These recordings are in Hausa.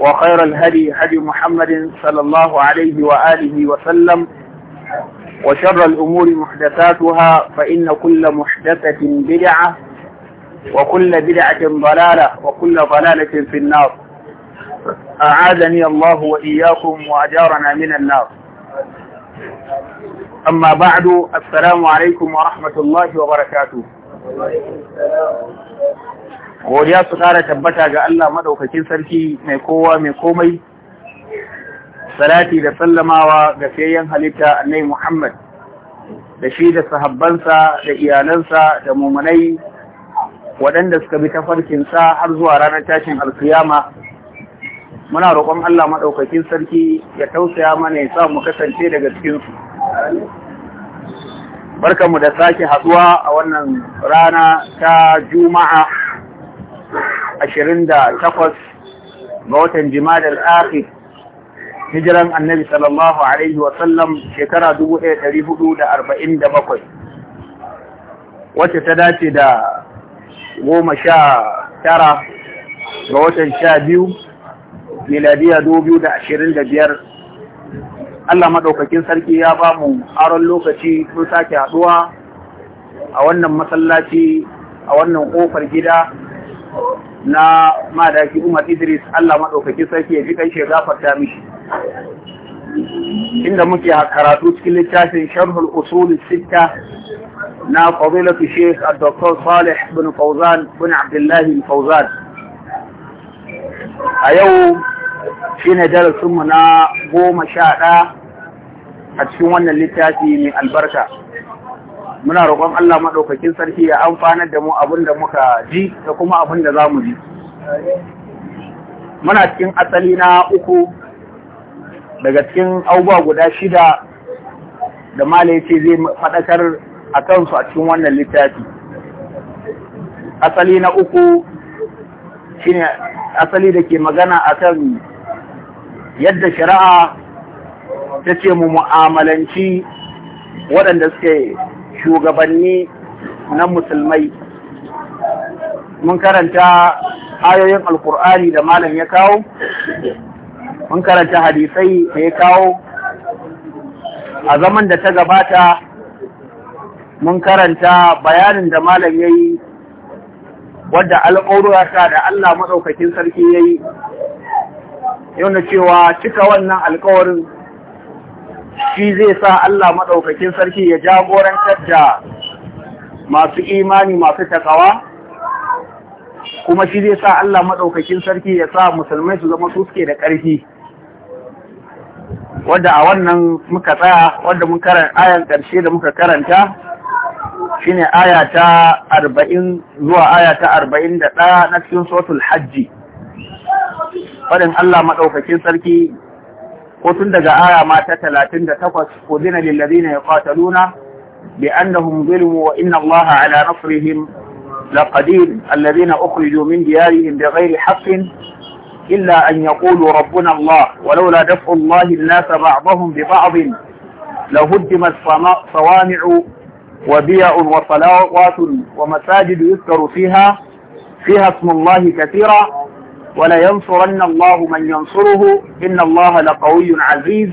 وخير الهدي هدي محمد صلى الله عليه وآله وسلم وشر الأمور محدثاتها فإن كل محدثة بدعة وكل بدعة ضلالة وكل ضلالة في النار أعاذني الله وإياكم وأجارنا من النار أما بعد السلام عليكم ورحمة الله وبركاته godiya su kara tabbata ga Allah maɗaukakin sarki mai kowa mai komai salati da sallamawa ga fiyayyen halitta annai Muhammad da shi da sahabbansa da iyalansa da mumunai waɗanda suka bi tafarkinsa har zuwa ranar tashin alkiyama muna roƙon Allah maɗaukakin sarki ya tausaya mana ya sa mu kasance daga cikinsu barkanmu da sake haɗuwa a wannan rana ta juma'a ashirin da takwas ga watan jimadar akhir hijiran annabi sallallahu alaihi wasallam shekara dubu ɗaya hudu da arba'in da wacce ta dace da goma sha tara ga watan sha biyu miladiya dubu biyu da ashirin da biyar Allah maɗaukakin sarki ya ba mu aron lokaci sun sake haɗuwa a wannan masallaci a wannan ƙofar gida na madaki Umar Idris Allah maɗaukakin sarki ya ji kan shi gafarta mishi. Inda muke karatu cikin littafin Sharhul Usul Sitta na Fadilatu Sheikh Dr. Salih bin Fauzan bin Abdullahi Fauzan. A yau shine ne darasinmu na goma sha ɗaya a cikin wannan littafi mai albarka. muna roƙon Allah maɗaukakin sarki ya amfanar da mu abin da muka ji da kuma abin da za mu ji. Muna cikin asali na uku daga cikin abubuwa guda shida da Mala ya ce zai faɗakar a kansu a cikin wannan littafi. Asali na uku shine asali da ke magana akan yadda shari'a ta ce mu mu'amalanci waɗanda suke shugabanni na musulmai mun karanta ayoyin alkur'ani da malam ya kawo mun karanta hadisai da ya kawo a zaman da ta gabata mun karanta bayanin da malam ya yi wadda sa da Allah maɗaukakin sarki ya yi yau na cewa cika wannan alkawarin shi zai sa Allah maɗaukakin sarki ya jagorantar da masu imani masu takawa kuma shi zai sa Allah maɗaukakin sarki ya sa musulmai su zama su suke da ƙarfi wadda a wannan muka tsaya wadda mun karanta ayan ƙarshe da muka karanta shine aya ta arba'in zuwa aya arba'in da ɗaya na cikin sotul hajji faɗin Allah maɗaukakin sarki ko tun daga aya ma ta talatin da takwas udina lillazina yuqataluna bi annahum zulmu wa لقدير الذين أخرجوا من ديارهم بغير حق إلا أن يقولوا ربنا الله ولولا دفع الله الناس بعضهم ببعض لهدمت صوامع وبيع وصلوات ومساجد يذكر فيها فيها اسم الله كثيرا ولينصرن الله من ينصره إن الله لقوي عزيز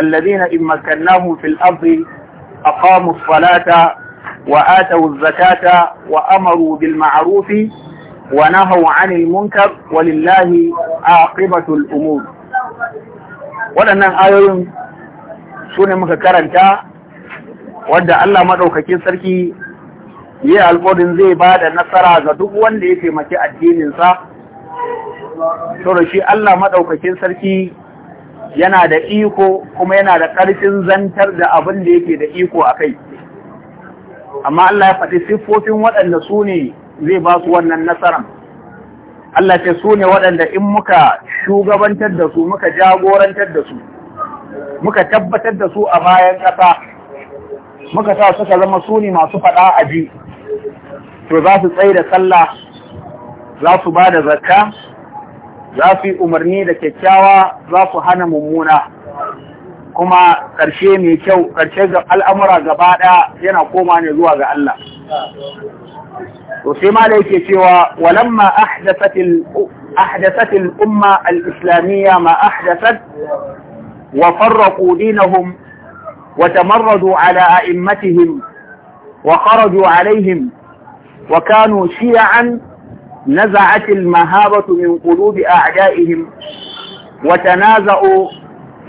الذين إن مكناهم في الأرض أقاموا الصلاة وآتوا الزكاة وأمروا بالمعروف ونهوا عن المنكر ولله عاقبة الأمور ولنا ayoyin su ne ودى الله wadda Allah maɗaukakin sarki yi alƙawarin zai ba da nasara ga duk wanda da shi Allah madaukakin sarki yana da iko kuma yana da ƙarfin zantar da abin da yake da iko a kai amma Allah ya faɗi siffofin waɗanda su ne zai ba su wannan nasaran Allah ce su ne waɗanda in muka shugabantar da su muka jagorantar da su muka tabbatar da su a bayan ƙasa muka sa suka zama su ne masu faɗa a ji to za su tsaye da sallah za su ba da zakka zafi umarni da kyakkyawa za su hana mummuna kuma karshe mai kyau karshe ga al'amura gaba ɗaya yana koma ne zuwa ga Allah to sai ma da yake cewa walamma ahdathatil umma al-islamiyya ma ahdathat wa farraqu dinahum wa tamarradu ala a'immatihim wa kharaju alaihim wa kanu shi'an نزعت المهابة من قلوب أعدائهم وتنازعوا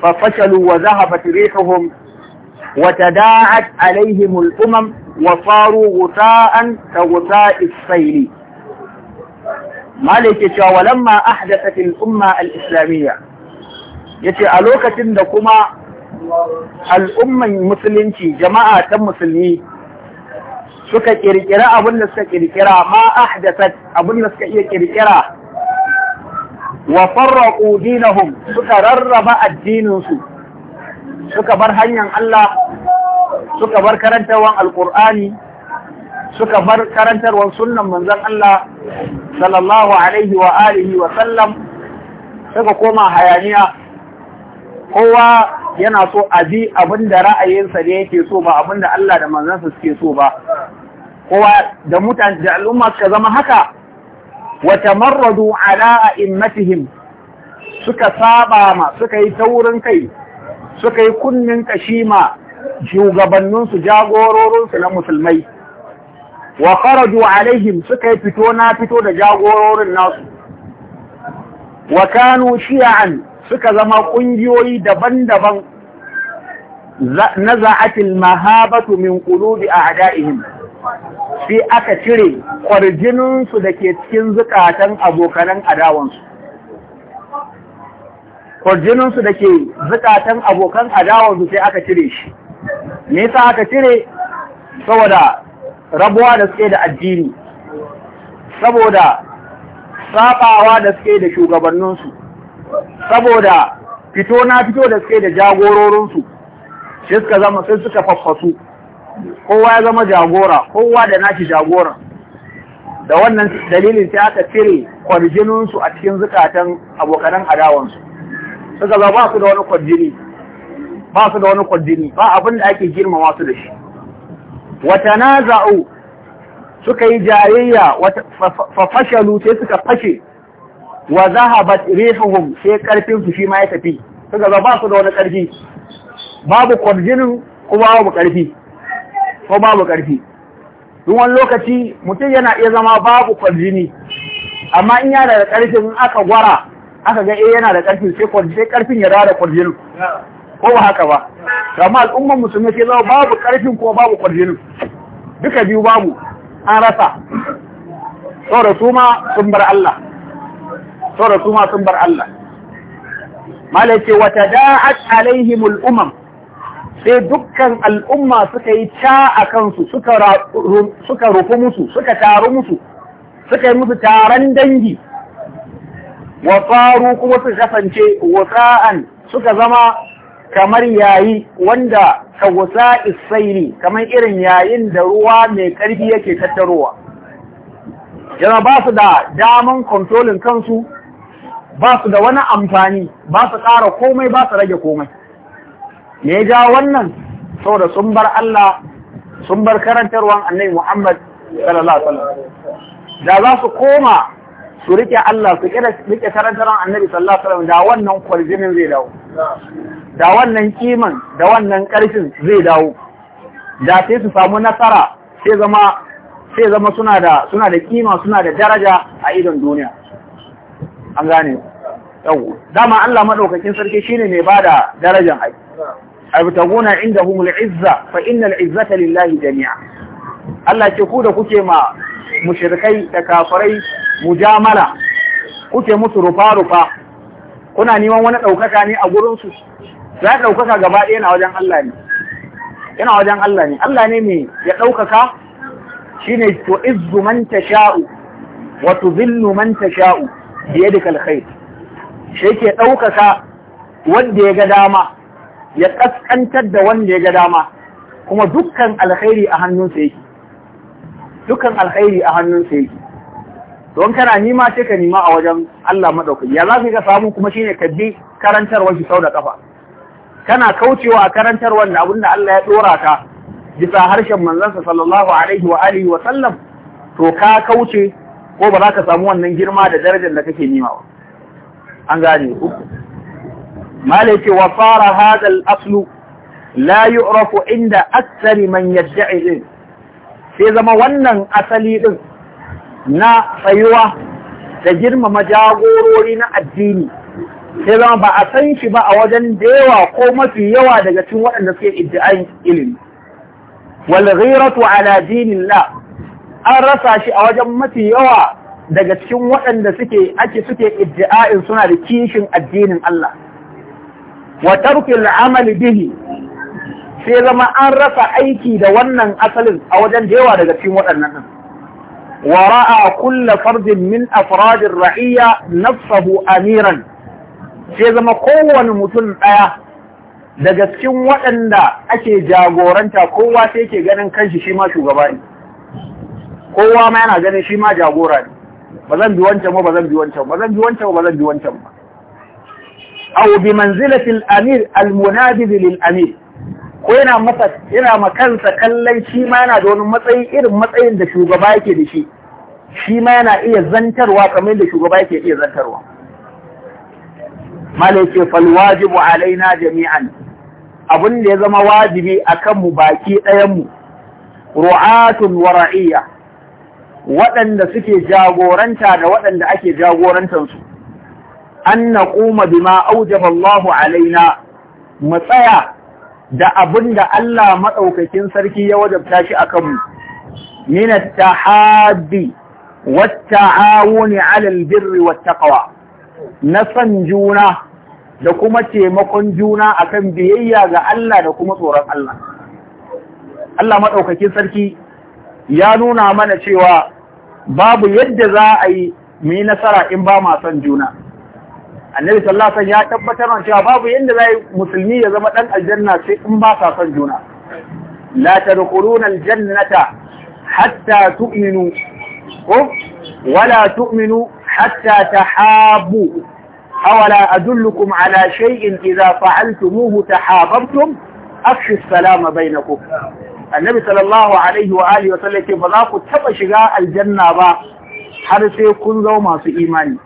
ففشلوا وذهبت ريحهم وتداعت عليهم الأمم وصاروا غثاء كغثاء السيل مالك ولما أحدثت الأمة الإسلامية yace ألوكة دكما الأمة المسلمة جماعة المسلمين suka ƙirƙira abin da suka ƙirƙira, ma ahdathat abin da suka iya ƙirƙira. wa farraqu dinahum suka rarraba addininsu suka bar hanyar Allah suka bar karantarwan alqur'ani suka bar karantarwar sunan manzan Allah sallallahu alaihi wa alihi wa sallam suka koma hayaniya kowa yana so a bi abin da ra'ayinsa da yake so ba abin da Allah da manzansa suke so ba kowa da mutane da al'umma suka zama haka wa tamarradu ala a'immatihim suka saba ma suka yi taurin kai suka yi kunnin kashi ma shugabanninsu jagororinsu na musulmai wa faradu alaihim suka yi fito na fito da jagororin nasu wa kanu shi'an suka zama ƙungiyoyi daban-daban na naza'atil mahabatu min a a'da'ihim sai aka cire kwarjininsu da ke cikin zukatan abokanan adawansu. Kwarjininsu da ke zukatan abokan adawansu sai aka cire shi. Me yasa aka cire? Saboda rabuwa da suke da addini, saboda saɓawa da suke da shugabanninsu, saboda fito na fito da suke da jagororinsu, shi suka zama sai suka faffasu. kowa ya zama jagora kowa da nashi jagora da wannan dalilin sai aka cire kwarjininsu a cikin zukatan abokanan adawansu suka za ba su da wani kwarjini ba su da wani kwarjini ba abin da ake girmama su da shi wata na za'u suka yi jayayya fashalu sai suka fashe wa ba rehuhun sai karfin su shi ma ya tafi suka za ba su da wani karfi babu kwarjinin kuma babu karfi ko babu ƙarfi duk wani lokaci mutum yana iya zama babu kwarjini amma in yana da ƙarfin aka gwara aka ga eh yana da ƙarfin sai ƙarfin ya rada kwarjinin ko ba haka ba amma al'ummar musulmi sai zama babu ƙarfin ko babu kwarjinin duka biyu babu an rasa saboda su ma sun bar Allah saboda su ma sun bar Allah malaka wa tada'at alaihimul umam sai dukkan al'umma suka yi ca a kansu suka rufu musu suka taru musu suka yi musu taron dangi wa faru kuma su kasance wasa'an suka zama kamar yayi wanda ka wasa ne kamar irin yayin da ruwa mai ƙarfi yake tattarowa yana ba su da daman kontrolin kansu ba su da wani amfani ba su ƙara komai ba su rage komai me ya ja wannan saboda sun bar Allah sun bar karantarwan annai Muhammad sallallahu alaihi da za su koma su rike Allah su rike karantarwan annabi sallallahu alaihi da wannan kwarjinin zai dawo da wannan kiman da wannan karfin zai dawo da sai su samu nasara sai zama sai zama suna da suna da kima suna da daraja a idon duniya an gane yau dama Allah madaukakin sarki shine mai bada darajar aiki abtaguna indahum al-izza fa innal izzata lillahi jami'a Allah ke ku da kuke ma mushrikai da kafirai mujamala kuke musu rufa rufa kuna neman wani daukaka ne a gurin su za daukaka gaba ɗaya na wajen Allah ne yana wajen Allah ne Allah ne mai ya daukaka shine to izzu man tasha'u wa tuzillu man tasha'u biyadika al-khair shi ke daukaka wanda ya ga dama ya kaskantar da wanda ya ga dama kuma dukkan alkhairi a hannunsa yake dukkan alkhairi a hannunsa yake don kana nima sai ka nima a wajen Allah madaukaki ya za ka ga samu kuma shine ka bi karantarwar shi sau da kafa kana kaucewa a karantarwar da abinda Allah ya dora ka bisa harshen manzansa sallallahu alaihi wa alihi wa sallam to ka kauce ko ba za ka samu wannan girma da darajar da kake nima ba an gane uku mala ce wa fara hadal aslu la yu'rafu inda aksari man yadda'i din sai zama wannan asali din na tsayuwa da girmama jagorori na addini sai zama ba a san shi ba a wajen da yawa ko mafi yawa daga cikin waɗanda suke iddiayin ilimi wal ghiratu ala la? an rasa shi a wajen mafi yawa daga cikin waɗanda suke ake suke iddiayin suna da kishin addinin Allah wa tarkin amali bihi sai zama an rasa aiki da wannan asalin a wajen yawa daga cikin waɗannan din wa ra'a kulla fardin min afradir ra'iyya nafsahu amiran sai zama kowane mutum ɗaya daga cikin waɗanda ake jagoranta kowa sai ke ganin kanshi shi ma shugaba ne kowa ma yana ganin shi ma jagora ne ba zan bi wancan ba ba zan bi wancan ba zan bi wancan ba zan bi wancan ba Aubi bi manzilati al-amir al lil-amir ko yana masa yana makansa kallon shi ma yana da wani matsayi irin matsayin da shugaba yake da shi shi ma yana iya zantarwa kamar da shugaba yake iya zantarwa mala yake fal wajibu alaina jami'an abin da ya zama wajibi akan mu baki ɗayan mu ru'atun wa ra'iyya waɗanda suke jagoranta da waɗanda ake jagorantansu an naquma bima aujaba Allahu alaina mu tsaya da abin da Allah maɗaukakin sarki ya wajabta shi a kanmu, mina ta haɗi wata awuni alalbirri birri wata ƙawa, na son juna da kuma taimakon juna a kan biyayya ga Allah da kuma tsoron Allah. Allah maɗaukakin sarki ya nuna mana cewa babu yadda za a yi mai nasara in ba ma son juna. annabi sallallahu alaihi wasallam ya tabbatar cewa babu yanda zai musulmi ya zama dan aljanna sai in ba sa son juna la tadkhuluna aljannata hatta tu'minu ko wala tu'minu hatta tahabu awala adullukum ala shay'in idza fa'altumuhu tahabbtum afshu salama bainakum annabi sallallahu alaihi wa alihi wasallam ke ba za ku taba shiga aljanna ba har sai kun zama masu imani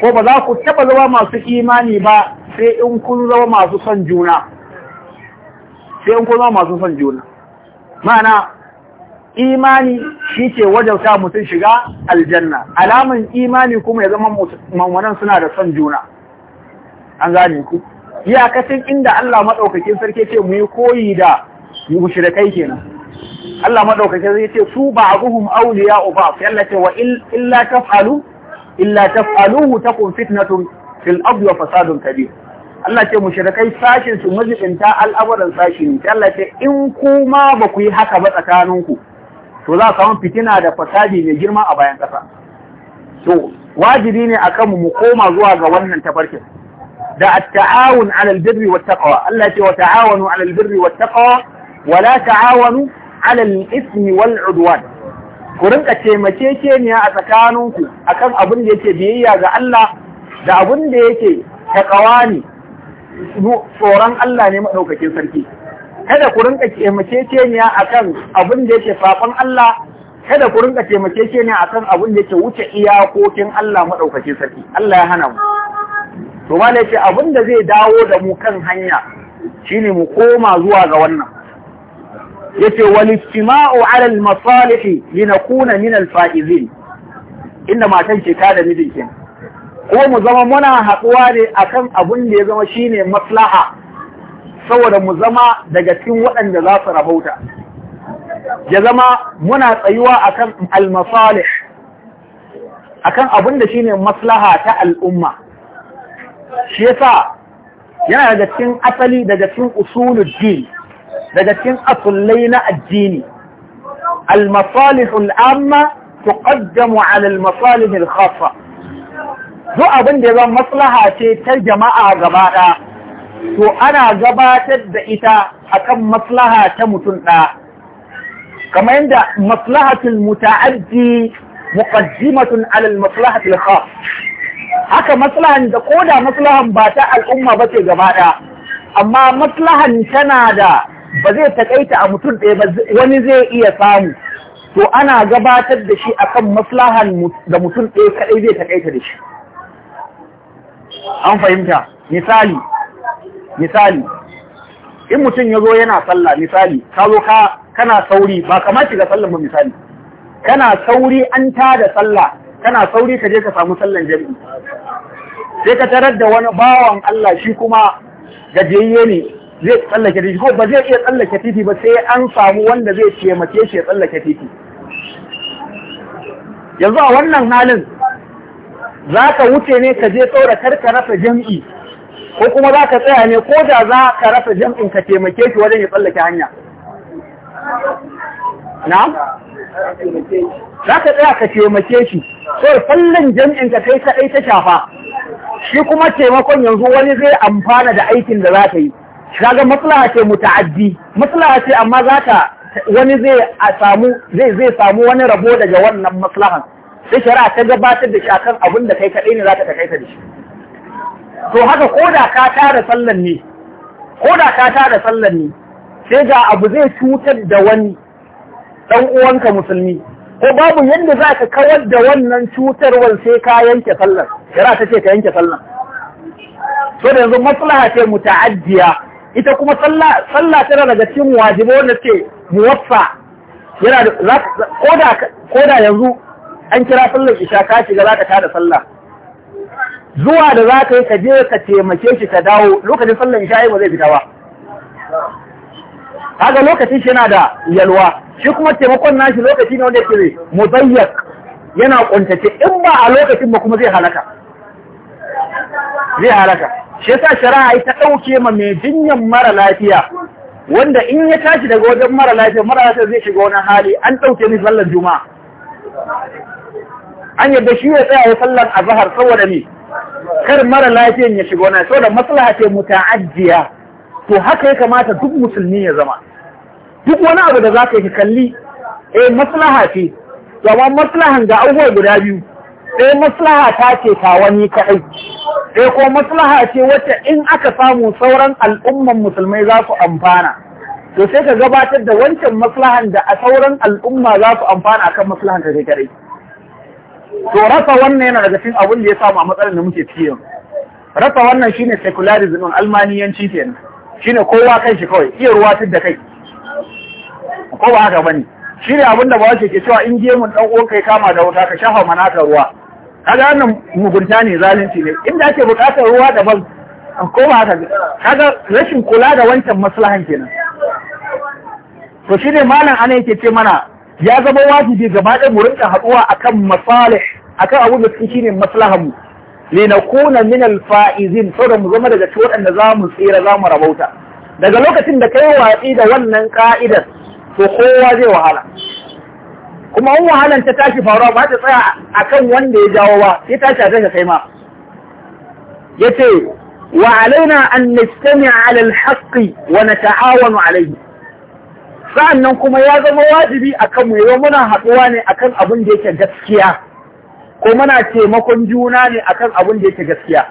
ko ba za ku taɓa zama masu imani ba sai in kun zama masu son juna sai in kun zama masu son juna ma'ana imani shi ke sa mutum shiga aljanna alamun imani kuma ya zama mamunan suna da son juna an gane ku iyakacin inda Allah maɗaukakin sarki ce mu yi koyi da da kai kenan Allah maɗaukakin sarki ce su ba a auliya ba ba'd yalla ce wa illa taf'alu illa taf'aluhu takun fitnatun fil ardi wa fasadun kabir Allah ce mushrikai sashin su mazibinta al'amuran sashi ne Allah ce in kuma ba ku yi haka ba tsakaninku to za a samu fitina da fasadi mai girma a bayan ƙasa to wajibi ne akan mu koma zuwa ga wannan tafarkin da at-ta'awun 'alal birri wat taqwa Allah ce wa ta'awanu 'alal birri wat taqwa wa la ta'awanu 'alal ismi wal 'udwan ku rinka taimakekeniya a tsakaninku akan abin da yake biyayya ga Allah da abin da yake takawa ne tsoron Allah ne maɗaukakin sarki kada ku rinka taimakekeniya kan abin da yake saɓon Allah kada ku rinka taimakekeniya kan abin da yake wuce iyakokin Allah maɗaukakin sarki Allah ya hana mu to ma da yake abin da zai dawo da mu kan hanya shine mu koma zuwa ga wannan yace wal istima'u ala al masalih linakuna min al faizin inda matan ce ta da mijinki. ko mu zama muna haɗuwa ne akan abun da ya zama shine maslaha saboda mu zama daga cikin waɗanda za su rahauta ya zama muna tsayuwa akan al masalih akan abun da shine maslaha ta al'umma shi yasa yana daga cikin asali daga cikin usuluddin daga cikin asullai na addini almasalihul amma تقدم على المصالح الخاصة zo abin da zan maslaha ce ta jama'a gaba ɗaya to ana gabatar da ita akan maslaha ta mutum ɗaya kamar yadda maslahatul muta'addi muqaddimatun alal maslahatul khas haka maslahan da koda maslahan ba ta al'umma ba ce gaba ɗaya amma maslahan tana da ba zai takaita a mutum ɗaya ba wani zai iya samu to ana gabatar da shi akan maslahan da mutum ɗaya kaɗai zai takaita da shi an fahimta misali misali in mutum ya zo yana sallah misali ka zo ka kana sauri ba kamar shiga sallan ba misali kana sauri an ta da sallah kana sauri ka je ka samu sallan jam'i? sai ka tarar da wani bawan Allah shi kuma gajiyayye ne zai tsallake titi ko ba zai iya tsallake titi ba sai an samu wanda zai taimake shi ya tsallake titi yanzu a wannan halin za ka wuce ne ka je tsora kar ka rasa jam'i ko kuma za ka tsaya ne ko da za ka rasa jam'in ka taimake shi wajen ya tsallake hanya na? za ka tsaya ka taimake shi so fallon jam'in ka kai kaɗai ta shafa shi kuma taimakon yanzu wani zai amfana da aikin da za ka yi kaga maslaha ce muta'addi maslaha ce amma za ta wani zai samu zai zai samu wani rabo daga wannan maslahan sai shari'a ta gabatar da shi akan abin da kai kaɗai ne za ta kai ta da shi to haka ko da ka tara sallan ne ko da ka tara sallan ne sai ga abu zai cutar da wani ɗan uwanka musulmi ko babu yadda za ka kawar da wannan cutarwar sai ka yanke sallar shari'a ta ce ka yanke sallar so da yanzu maslaha ce muta'addiya ita kuma sallah tana daga cikin wajibo wanda ce muwaffa yana da ko yanzu an kira sallar isha ka shiga za ka tada sallah zuwa da za ka yi ka je ka taimake shi ka dawo lokacin sallar isha ba zai fita ba kaga lokacin shi yana da yalwa shi kuma taimakon nashi lokaci ne wanda zai yana kuntace in ba a lokacin ba kuma zai halaka zai halaka shi yasa shari'a ita ɗauke ma mai jinyan mara lafiya wanda in ya tashi daga wajen mara lafiya mara lafiya zai shiga wani hali an ɗauke ni sallar juma'a an yadda shi ya tsaya ya sallar azahar, saboda ni kar mara lafiyan ya shiga wani saboda maslaha ce ajiya, to haka ya kamata duk musulmi ya zama duk wani abu da za ka yi kalli eh maslaha ce to amma maslahan ga abubuwa guda biyu sai eh, maslaha ta ce ta wani kaɗai sai eh, ko maslaha ce wacce in aka samu sauran al'umman musulmai za su amfana to sai ka gabatar da wancan maslahan da a sauran al'umma za su amfana kan maslahan ta kai kaɗai to rasa wannan yana daga cikin abin da ya samu a matsalar da muke ciki rasa wannan shine secularism din almaniyanci kenan shine kowa kan shi kawai iya ruwa da kai ko ba haka bane ne abin da ba wace ke cewa in gemun dan uwan kai kama da wuta ka shafa ta ruwa kaga wannan mugunta ne zalunci ne inda ake bukatar ruwa daban an koma haka kaga rashin kula da wancan maslahan kenan to shine malam ana yake ce mana ya zama wajibi gaba ɗaya mu rinka haɗuwa akan masalih akan abu da suke shine maslahan mu kuna min alfaizin saboda mu zama daga cikin wadanda za mu tsira za mu rabauta daga lokacin da kai watsi da wannan ka'idar to kowa zai wahala kuma an wahalan ta tashi faruwa ba ta tsaya a kan wanda ya jawo ba ya tashi a kanka kai ma ya ce wa alaina an nistami ala alhaqi wa nata'awanu alayhi sa'annan kuma ya zama wajibi a kan mu yau muna haɗuwa ne akan abin da yake gaskiya ko muna taimakon juna ne akan abin da yake gaskiya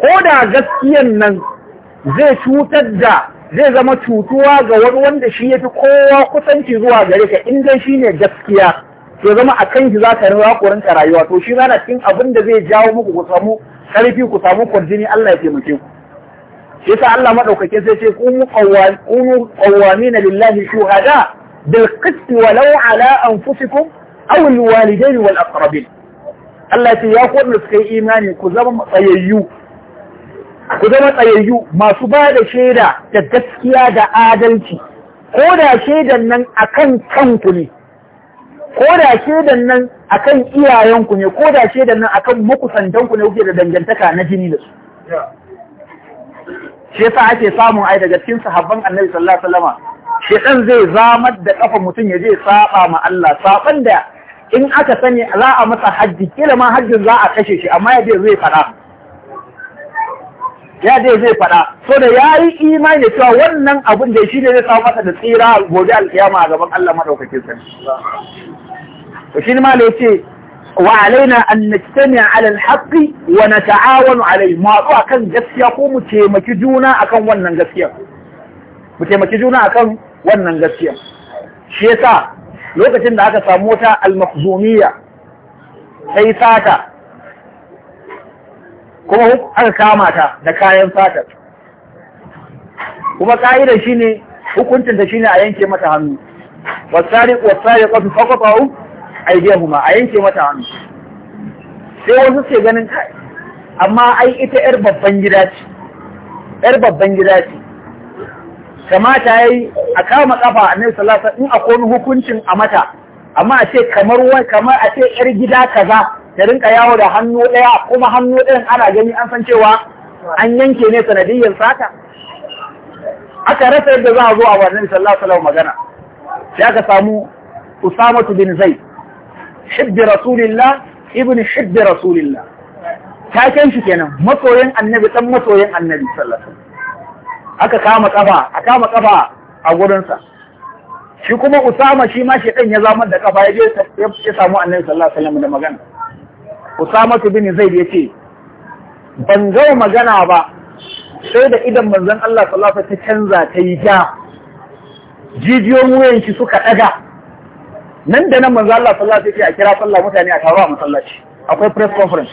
ko da gaskiyan nan zai cutar da zai zama cutuwa ga wani wanda shi ya fi kowa kusanci zuwa gare ka in dai shi ne gaskiya to zama a kan shi za ka rawa kurin ka rayuwa to shi zana cikin abin da zai jawo muku ku samu karfi ku samu kwarjini Allah ya taimake ku shi yasa Allah madaukake sai ce kunu na lillahi shuhada bil qist walau ala anfusikum aw al walidain wal aqrabin Allah ya ce ya ku da suka yi imani ku zama tsayayyu ku zama tsayayyu masu ba da shaida da gaskiya da adalci ko da shaidan nan akan kanku ne ko da shaidan nan akan iyayenku ne ko da shaidan nan akan makusantanku ne kuke da dangantaka na jini da su shi yasa ake samun ai daga cikin sahabban annabi sallallahu alaihi wasallam dan zai zamar da kafa mutum ya je saba ma Allah saban da in aka sani za a masa hajji kila ma hajjin za a kashe shi amma ya je zai fara. ya je zai faɗa so da ya yi imani da cewa wannan abin da shi ne zai samu masa da tsira gobe alkiyama a gaban Allah sa sarki to shi ma ya ce wa alaina an najtami ala alhaqi wa nata'awanu alai mu haɗu akan gaskiya ko mu taimaki juna akan wannan gaskiya mu taimaki juna akan wannan gaskiya shi yasa lokacin da aka samu wata almakhzumiyya sai sata kuma aka kama ta da kayan fatar kuma shi ne, hukuncin ta ne a yanke mata hannu wasari wasari kasu fakwafahu aidiyahuma a yanke mata hannu sai wasu ke ganin kai amma ai ita yar babban gida ce yar babban gida ce kamata yayi a kama kafa a nai salasa, in a akwai hukuncin a mata amma a ce kamar wai kamar a ce yar gida kaza ta rinka yawo da hannu ɗaya kuma hannu ɗayan ana gani an san cewa an yanke ne sanadiyyar sata aka rasa yadda za a zo a wannan sallallahu alaihi magana sai aka samu Usama bin Zaid hibbi rasulillah ibn hibbi rasulillah taken shi kenan masoyin annabi dan masoyin annabi sallallahu alaihi aka kama kafa a kama kafa a gurinsa shi kuma Usama shi ma shi shedan ya zamar da kafa ya je ya samu annabi sallallahu alaihi da magana Usama bin Zaid ya ce, ban gama magana ba sai da idan manzon Allah sallallahu ta canza ta yi ja jijiyoyin wuyan shi suka ɗaga. nan da nan manzon Allah sallallahu alaihi wasallam a kira sallah mutane a taro a masallaci akwai press conference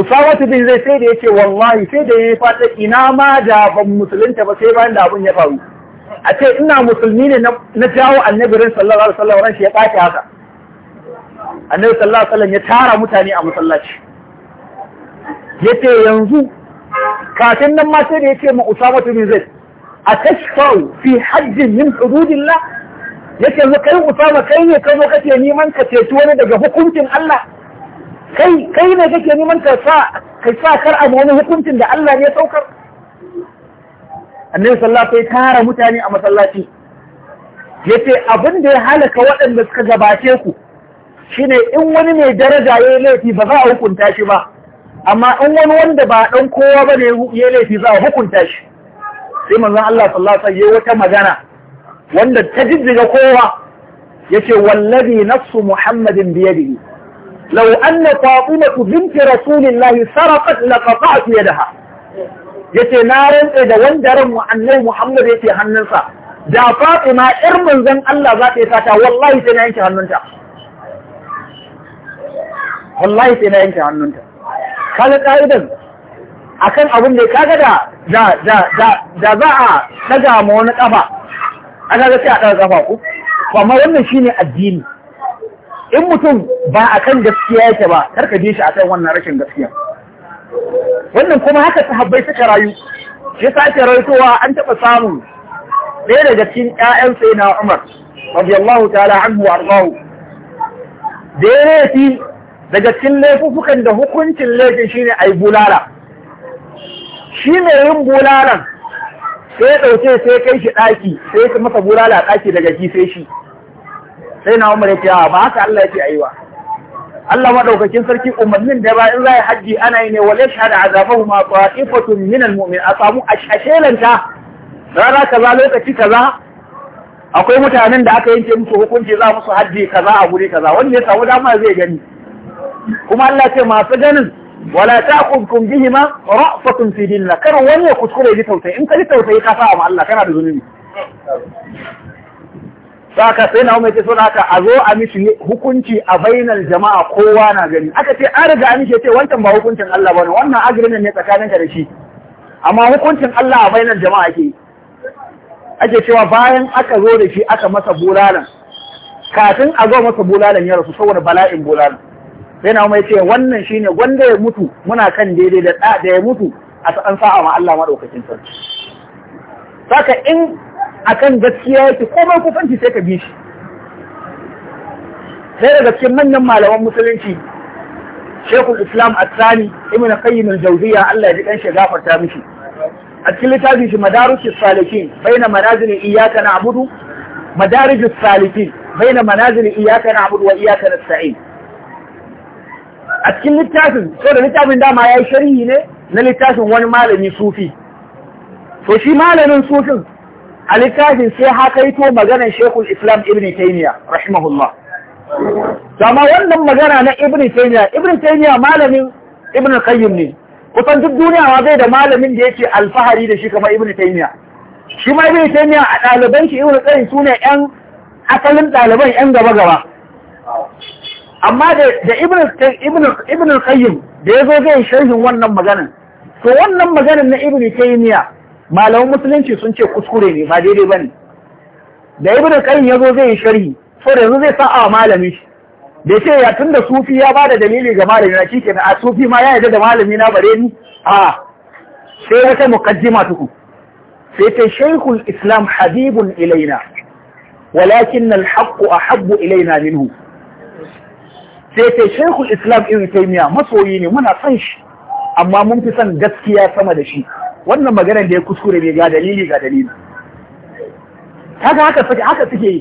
Usama bin Zaid sai da yace wallahi sai da yayi fata ina ma da ban musulunta ba sai bayan da abun ya faru a ce ina musulmi ne na jawo annabi sallallahu alaihi wasallam ran shi ya ɓaci haka annabi sallallahu alaihi wasallam ya tara mutane a masallaci yace yanzu kafin nan ma sai da yace ma Usama bin Zaid atashfau fi hajjin min hududillah yace yanzu kai Usama kai ne ka zo kake neman ka ceci wani daga hukuncin Allah kai kai ne kake neman ka sa kai sa kar a wani hukuncin da Allah ne ya saukar annabi sallallahu alaihi wasallam ya tara mutane a masallaci yace abin da ya halaka waɗanda suka gabace ku shine in wani mai daraja ya yi laifi ba za a hukunta shi ba amma in wani wanda ba ɗan kowa ba ne ya laifi za a hukunta shi sai manzon Allah sallallahu alaihi wasallam wata magana wanda ta jijjiga kowa yace walladi nafsu muhammadin biyadihi law anna fatimatu binti rasulillahi sarqat laqata'at yadaha yace na rantsa da wanda ran annabi muhammad yake hannunsa da fatima ir manzon Allah za ta yi sata wallahi sai na yanke hannunta wallahi sai na yanke hannunta kaga ka'idan akan abin da kaga da da da da za a daga ma wani kafa aka ga sai a daga kafa ku amma wannan shine addini in mutum ba kan gaskiya yake ba karka je shi akan wannan rashin gaskiya wannan kuma haka sahabbai suka rayu shi ake raitowa an taɓa samun ɗaya daga cikin ƴaƴan sai na Umar radiyallahu ta'ala anhu arzahu da ya daga cikin laifukan da hukuncin laifin shine ai bulala shi mai yin bulalan sai ɗauke sai kai shi ɗaki sai ka masa bulala ɗaki daga ki sai shi sai na umar yake ba haka Allah yake aiwa Allah madaukakin sarki umarnin da ba in za yi hajji ana yi ne wala shahada azabahu ma ta'ifatun min almu'min a samu ashashelanta rana kaza lokaci kaza akwai mutanen da aka yanke musu hukunci za musu hajji kaza a guri kaza wanda ya samu dama zai gani kuma Allah ce masu ganin wala bihi ma ra'fatun fi dinna kar wani ya kuskure ji tausayi in ka ji tausayi ka fa'a ma Allah kana da zunubi saka sai na umar ce so haka a zo a mishi hukunci a bainar jama'a kowa na gani aka ce an riga mishi ce wancan ba hukuncin Allah bane wannan agreement ne tsakanin ka da shi amma hukuncin Allah a bainar jama'a ke ake cewa bayan aka zo da shi aka masa bulalan kafin a zo masa bulalan ya rasu saboda bala'in bulalan Yana mai ce wannan shine wanda ya mutu muna kan daidai da da ya mutu a an sa'a Allah madaukakin sarki saka in akan gaskiya yake komai kufanci sai ka bi shi sai daga cikin manyan malaman musulunci Shekul Islam Asani Ibn Qayyim al-Jawziyya Allah ya ji kanshi gafarta mishi a cikin littafin shi Madarujus Salikin baina manazil iyyaka na'budu Madarujus Salikin baina iyyaka na'budu wa iyyaka nasta'in a cikin littafin so da littafin dama ya yi sharhi ne na littafin wani malami sufi So shi malamin sufin a littafin sai hakaito maganar shekul islam ibn taymiya rahimahullah amma wannan magana na ibn taymiya ibn taymiya malamin ibn qayyim ne kusan duk duniya ma zai da malamin da yake alfahari da shi kama ibn taymiya shi ma ibn taymiya a ɗaliban shi ibn su sune yan asalin ɗaliban yan gaba gaba amma da ibn al-qayyim da yazo zai sharhin wannan maganan to wannan maganan na ibn taymiya malaman musulunci sun ce kuskure ne ba daidai bane da ibn al-qayyim yazo zai sharhi so da yanzu zai sa a malami shi da ce ya tunda sufi ya bada dalili ga malami na shike a sufi ma ya yarda da malami na bare ni a sai wata muqaddima tuku sai ta shaykhul islam habibun ilaina walakin al-haqq ahabbu ilaina minhu sai ce shekul islam irin taimiya masoyi ne muna son shi amma mun fi son gaskiya sama da shi wannan maganar da ya kuskure ne ga dalili ga dalili haka haka suke haka suke yi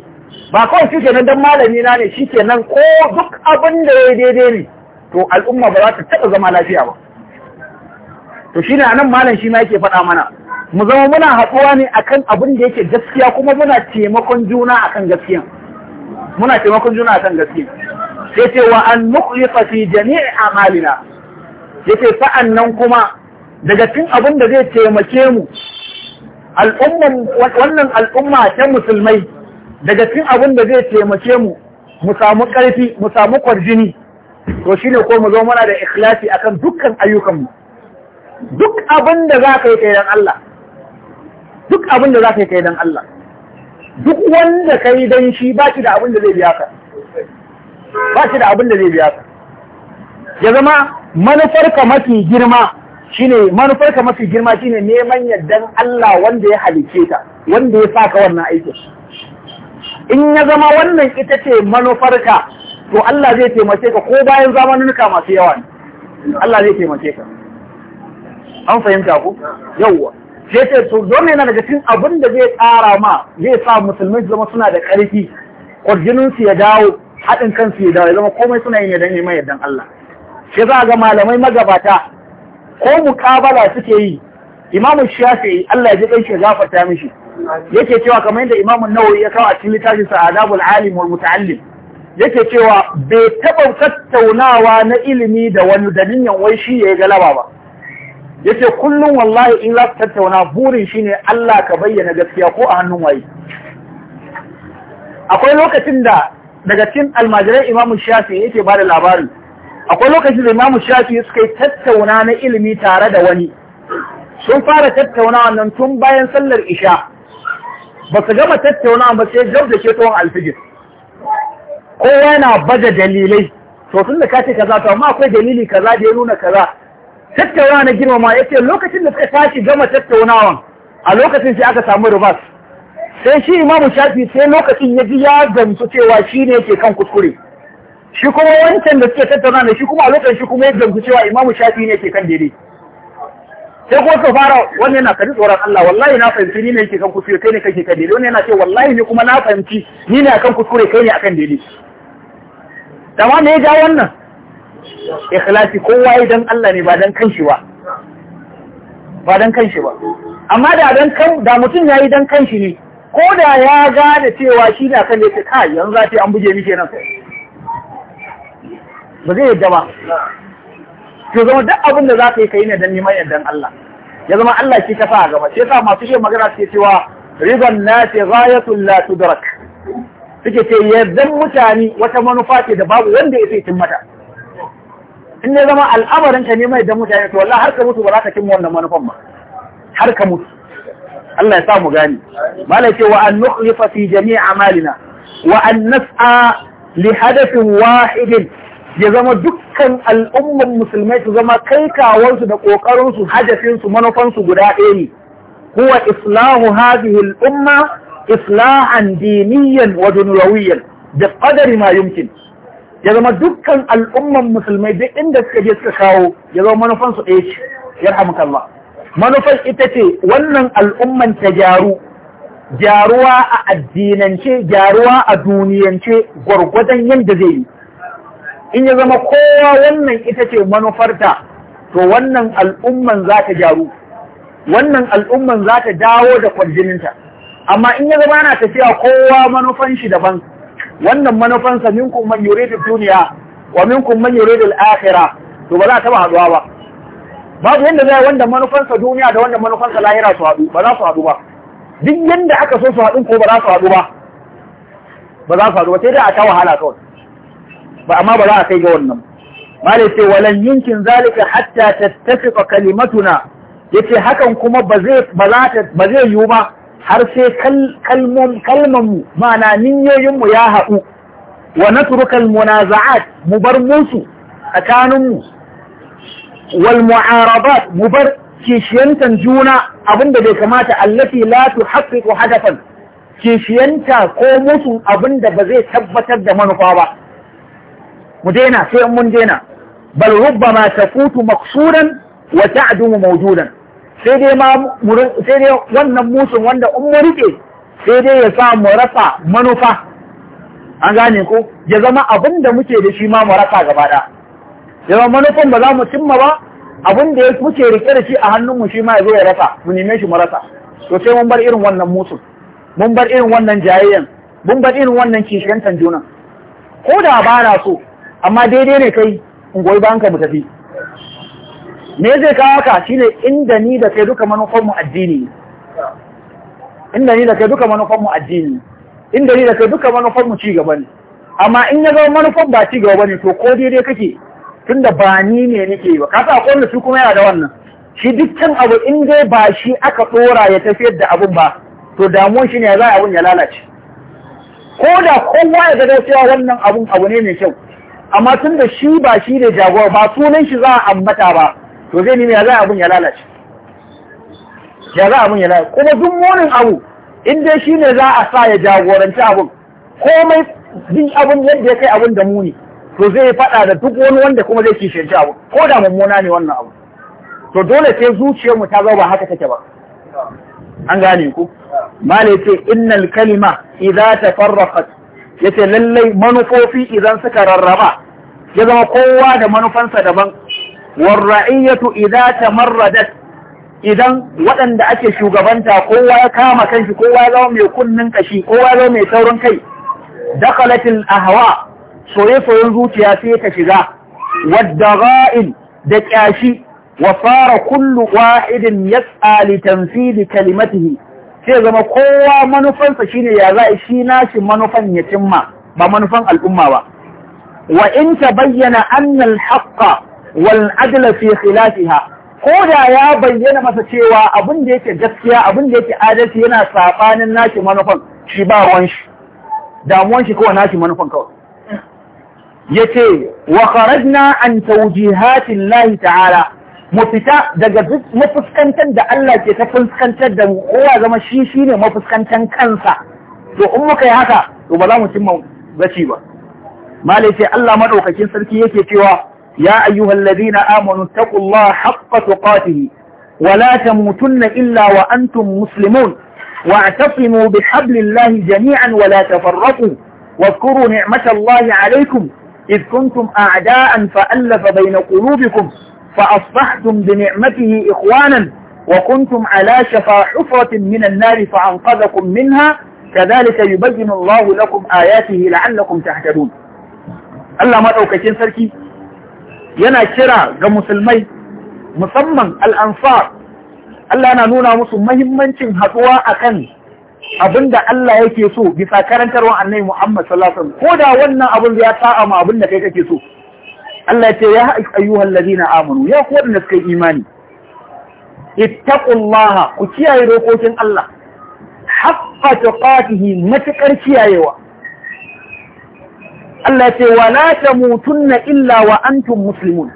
ba kawai shi kenan dan malami na ne shi kenan ko duk abin da ya daidai ne to al'umma ba za ta taɓa zama lafiya ba to shi a anan malam shi ma yake faɗa mana mu zama muna haɗuwa ne akan abin da yake gaskiya kuma muna taimakon juna akan gaskiya muna taimakon juna akan gaskiya yace wa an nukhliqa fi jami'i amalina yace sa'an nan kuma daga cikin abin da zai taimake mu wannan al'umma ta musulmai daga cikin abin da zai taimake mu mu samu ƙarfi mu samu kwarjini to shine ko mu zo mana da ikhlasi akan dukkan ayyukanmu duk abin da za ka yi kai dan Allah duk abin da za ka yi kai dan Allah duk wanda ka yi dan shi ba da abin da zai biya ka ba shi da abin da zai biya ka ya zama manufarka mafi girma shine manufarka mafi girma shine neman yardan Allah wanda ya halice ka wanda ya saka wannan aikin in ya zama wannan ita ce manufarka to Allah zai taimake ka ko bayan ka masu yawa ne Allah zai taimake ka an fahimta ku yawwa sai ce to don na daga cikin abin da zai tsara ma zai sa musulmai zama suna da ƙarfi kwarjinin su ya dawo haɗin kansu ya dawo ya zama komai suna yin yadan neman yardan Allah shi za ga malamai magabata ko mukabala suke yi imamu shafi'i Allah ya ji kai shi gafarta mishi yake cewa kamar yadda imamu nawawi ya kawo a cikin littafin sa adabul alim wal muta'allim yake cewa bai taɓa tattaunawa na ilimi da wani da niyyan wai shi yayi galaba ba yace kullum wallahi in za su tattauna burin shi ne Allah ka bayyana gaskiya ko a hannun waye akwai lokacin da daga cin almajirai imamu shafi yake ba da labari akwai lokacin da imamu shafi suka yi tattauna na ilimi tare da wani sun fara tattauna wannan tun bayan sallar isha ba su gama tattauna ba sai jau da ke tsohon alfijir kowa yana baje dalilai to tun da ka ce kaza to amma akwai dalili kaza da ya nuna kaza tattaunawa na girmama ya ce lokacin da suka tashi gama tattaunawan a lokacin sai aka samu rubas sai shi imamu shafi sai lokacin ya ji ya gamsu cewa shi ne yake kan kuskure shi kuma wancan da suke tattauna ne shi kuma a lokacin shi kuma ya gamsu cewa imamu shafi ne yake kan daidai sai kuma ka fara wani yana kaji tsoron Allah wallahi na fahimci ni ne yake kan kuskure kai ne kake kan daidai wani yana ce wallahi ne kuma na fahimci ni ne akan kuskure kai ne akan daidai dama ne ya ja wannan ikhlasi kowa ya dan Allah ne ba dan kanshi ba ba dan kanshi ba amma da dan kan da mutum yayi dan kanshi ne ko da ya gane cewa shi na kan da yake kai yanzu za ta yi an buge mi kenan ba zai yadda ba to zama duk abin da za ka yi ka yi ne don neman yardan Allah ya zama Allah shi ka sa a gaba shi yasa masu yin magana suke cewa riban nasi ghayatul la tudrak suke ce yardan mutane wata manufa ce da babu wanda ya sai cimmata. in ya zama al'amarin ka neman yardan mutane to wallahi har ka mutu ba za ka cimma wannan manufan ba har ka mutu Allah ya sa mu gani malai ce wa an nukhlifa fi jami' amalina wa an nas'a li hadathin wahidin ya zama dukkan al'umman musulmai su zama kai kawansu da ƙoƙarinsu, hadafinsu, manufansu guda ɗaya ne huwa islahu hadhihi al-umma islahan diniyan wa dunyawiyan da qadari ma yumkin ya zama dukkan al'umman musulmai duk inda suka je suka kawo ya zama manufansu ɗaya ce yarhamukallah manufar ita ce wannan al'umman ta gyaru gyaruwa a addinance gyaruwa a duniyance gwargwadon yadda zai yi in ya zama kowa wannan ita ce manufarta to wannan al'umman za ta gyaru wannan al'umman za ta dawo da kwarjininta amma in ya zama ana tafiya kowa manufan shi daban wannan manufansa minkun man duniya wa minkun man yuridu to ba za ta ba haduwa ba babu yadda zai wanda manufansa duniya da wanda manufansa lahira su haɗu ba za su haɗu ba duk yadda aka so su haɗu ko ba za su haɗu ba ba za su haɗu ba sai dai a ta wahala kawai ba amma ba za a kai ga wannan mala ce walan yinkin zalika hatta tattafiqa kalimatuna yace hakan kuma ba zai ba za ba zai yiwu ba har sai kalmon kalman mu ma'ana niyoyin mu ya haɗu wa natrukal munaza'at mu bar musu tsakanin mu wal mu bar kishiyantan juna abinda bai kamata allati la tuhaqqiqu hadafan kishiyanta ko musu abinda ba zai tabbatar da manufa ba mu daina sai mun daina bal rubbama tafutu maqsudan wa ta'dumu mawjudan sai dai ma sai dai wannan musun wanda in mu rike sai dai ya sa mu rasa manufa an gane ko ya zama abinda muke da shi ma mu rasa gabada. yawan manufan ba za mu cimma ba abin da ya muke rike da shi a hannunmu shi ma ya zo ya rasa mu neme shi mu rasa to sai mun bar irin wannan musu mun bar irin wannan jayayyan mun bar irin wannan kishiyantan junan, ko da ba na so amma daidai ne kai in goyi banka mu tafi me zai kawo ka shine inda ni da kai duka manufan mu addini inda ni da kai duka manufan mu addini inda ni da kai duka manufan mu ci gaba ne amma in ya zama manufan ba ci gaba ne to ko daidai kake tunda ba ni ne nake ba ka sa wanda su kuma yana da wannan shi dukkan abu in dai ba shi aka ɗora ya tafiyar da abun ba to damuwan shi ne za a abun ya lalace ko da kowa ya ga cewa wannan abun abu ne mai kyau amma tun da shi ba shi ne jagowa ba sunan shi za a ambata ba to zai nemi ya za abun ya lalace ya za abun ya lalace kuma duk munin abu in dai shi ne za a sa ya jagoranci abun komai duk abun yadda ya kai abun da muni to zai faɗa da duk wani wanda kuma zai kishinci abu ko da mummuna ne wannan abu to dole sai zuciyarmu ta zama ba haka take ba an gane ku mala yace innal kalima idza tafarraqat yace lallai manufofi idan suka rarraba ya zama kowa da manufansa daban war ra'iyatu idza tamarradat idan waɗanda ake shugabanta kowa ya kama kanshi kowa ya zama mai kunnin kashi kowa ya zama mai saurin kai a ahwa soye-soyen zuciya sai ka shiga wadda ra'in da ƙyashi wa fara kullu wa'idin ya tsali tamfili kalimatihi sai zama kowa manufansa shine ya za shi nashi manufan ya cimma ba manufan al'umma ba wa in ta bayyana annal haqqa wal adla fi khilafiha ko da ya bayyana masa cewa abin da yake gaskiya abin da yake adalci yana saɓanin nashi manufan shi ba ruwan shi damuwan shi nashi manufan kawai yace wa kharajna an tawjihatin lahi ta'ala mu fita daga duk mafuskantar da Allah ke ta fuskantar da mu kowa zama shi shine mafuskantan kansa to in muka yi haka to ba za mu cimma gaci ba malai sai Allah madaukakin sarki yake cewa ya ayyuhal ladina amanu taqullaha haqqa tuqatihi wa la tamutunna illa wa antum muslimun واعتصموا بحبل الله جميعا ولا تفرقوا واذكروا نعمة الله عليكم إذ كنتم أعداء فألف بين قلوبكم فأصبحتم بنعمته إخوانا وكنتم على شفا حفرة من النار فأنقذكم منها كذلك يبين الله لكم آياته لعلكم تهتدون الله ما sarki yana kira ga musulmai مصمم الأنصار Allah na nuna musu mahimmancin haɗuwa a kan Abin da Allah yake so bisa karantar annabi Muhammad sallallahu alaihi ko da wannan abin ya ta'a ma da kai kake so Allah ya ce ya ayyuhal ladina amanu ya ku da suka yi imani ittaqullaha ku kiyaye dokokin Allah haqqa tuqatihi matakar kiyayewa Allah ya ce wala tamutunna illa wa antum muslimun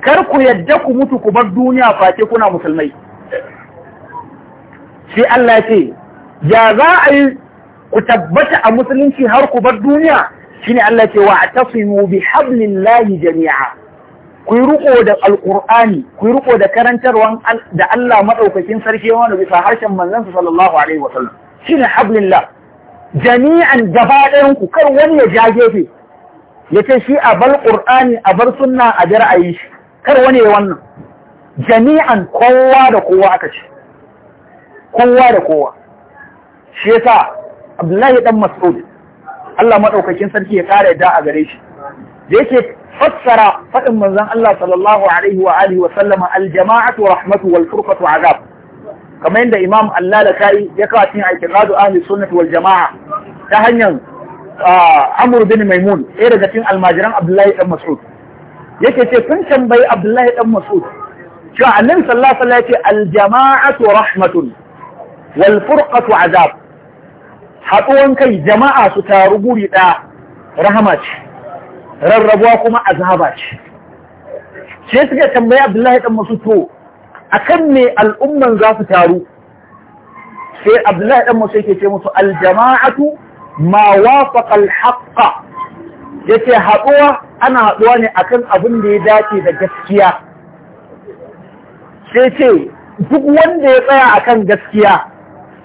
kar ku yadda ku mutu ku bar duniya face kuna musulmai sai Allah ya ce ya za a yi ku tabbata a musulunci har ku bar duniya shine Allah ce wa atasimu bi hablin layi jami'a ku riko da alqur'ani ku riko da karantarwan da Allah madaukakin sarki wanda bisa harshen manzon sallallahu alaihi wa sallam. wasallam hablin la, jami'an gaba ɗayan ku kar wani ya ja gefe ya ce shi a bar ƙur'ani a bar sunna a bi ra'ayi shi kar wani ya wannan jami'an kowa da kowa aka ce kowa da kowa shi yasa Abdullahi dan Mas'ud Allah madaukakin sarki ya kare da a gare shi da yake fassara faɗin manzon Allah sallallahu alaihi wa alihi wa sallama al-jama'atu rahmatu wal furqatu azab kamar yadda Imam Allah kai ya kawo cikin aikinadu ahli sunnati wal jama'a ta hanyar Amr bin Maimun ɗaya daga cikin almajiran Abdullahi dan Mas'ud yake ce kun tambayi Abdullahi dan Mas'ud cewa Annabi sallallahu alaihi wa sallam ya ce al-jama'atu rahmatun wal furqatu azab haɗuwan kai jama'a su taru guri ɗaya rahama ce rarrabuwa kuma azaba ce sai suka tambayi abdullahi ɗan masu to akan me al'umman za su taru sai abdullahi ɗan masu yake ce musu aljama'atu ma wafaqa Ya yace haɗuwa ana haɗuwa ne akan abin da ya dace da gaskiya sai ce duk wanda ya tsaya akan gaskiya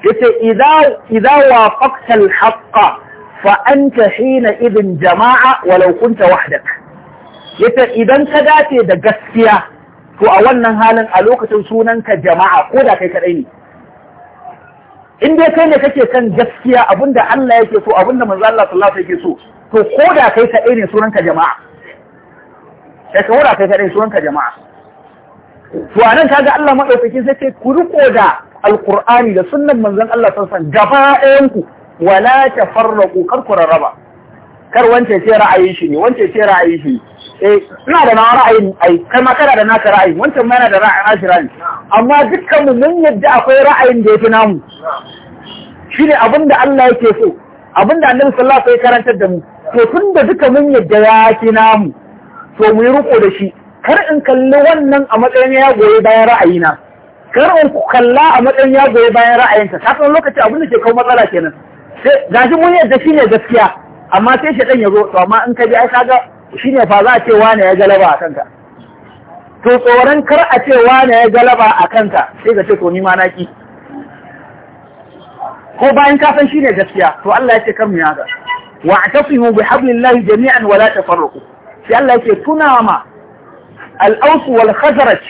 yace idza idza wafaqta al-haqqa fa anta hina idin jama'a walau kunta wahdak yace idan ka dace da gaskiya to a wannan halin a lokacin sunanka jama'a ko da kai kadai ne in dai kai ne kake kan gaskiya abinda Allah yake so abinda manzo Allah sallallahu alaihi yake so to ko da kai kaɗai ne sunanka jama'a sai ka wura kai kaɗai sunanka jama'a to anan kaga Allah madaukakin sai ce ku riko da alqur'ani da sunan manzan Allah sassan, alaihi gaba ɗayan ku wala tafarraqu kar ku rarraba kar wance ce ra'ayin shi ne wance ce ra'ayin shi eh suna da nawa ra'ayin ai kai ma kana da naka ra'ayin wancan ma yana da ra'ayin ra'ayin amma dukkan mu mun yadda akwai ra'ayin da ya fi namu abin da Allah yake so da Annabi sallallahu alaihi ya karantar da mu to da duka mun yadda ya fi namu to mu yi riko da shi kar in kalli wannan a matsayin ya goyi bayan ra'ayina karin ku kalla a matsayin ya goyi bayan ra'ayinka ka san lokaci abin da ke kawo matsala kenan sai gashi mun yadda shine gaskiya amma sai shi shedan ya zo to amma in ka bi ai kaga shine fa za a ce wane ya galaba a kanka to tsoron kar a ce wane ya galaba a kanka sai ka ce to ni ma na ki ko bayan ka san shine gaskiya to Allah ya ce kar mu yaga wa'tasimu bihablillahi jami'an wala tafarraqu sai Allah ya ce tuna ma al-aws wal khazraj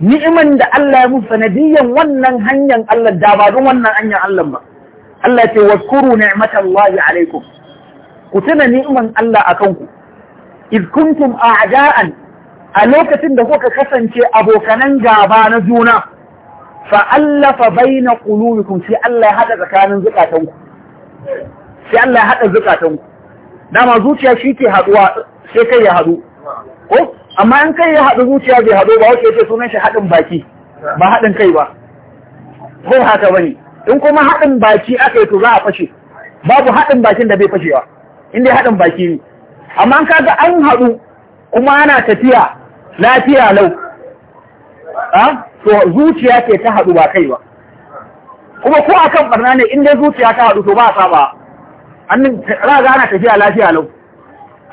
ni'iman da Allah ya mu sanadiyan wannan hanyar Allah da ba wannan hanyar Allah ba Allah ya ce waskuru ni'matallahi alaikum ku tuna ni'iman Allah a kanku iz kuntum a'da'an a lokacin da kuka kasance abokanan gaba na juna fa allafa baina qulubikum sai Allah ya hada tsakanin zukatanku sai Allah ya hada zukatanku dama zuciya shi ke haduwa sai kai ya hadu ko amma in kai ya haɗu zuciya bai haɗu ba wace ce sunan shi haɗin baki ba haɗin kai ba ko haka bane in kuma haɗin baki aka yi to za a fashe babu haɗin bakin da bai fashewa in dai haɗin baki ne amma in kaga an haɗu kuma ana tafiya lafiya lau to zuciya ke ta haɗu ba kai ba kuma ko akan barna ne in dai zuciya ta haɗu to ba a saba an ga ana tafiya lafiya lau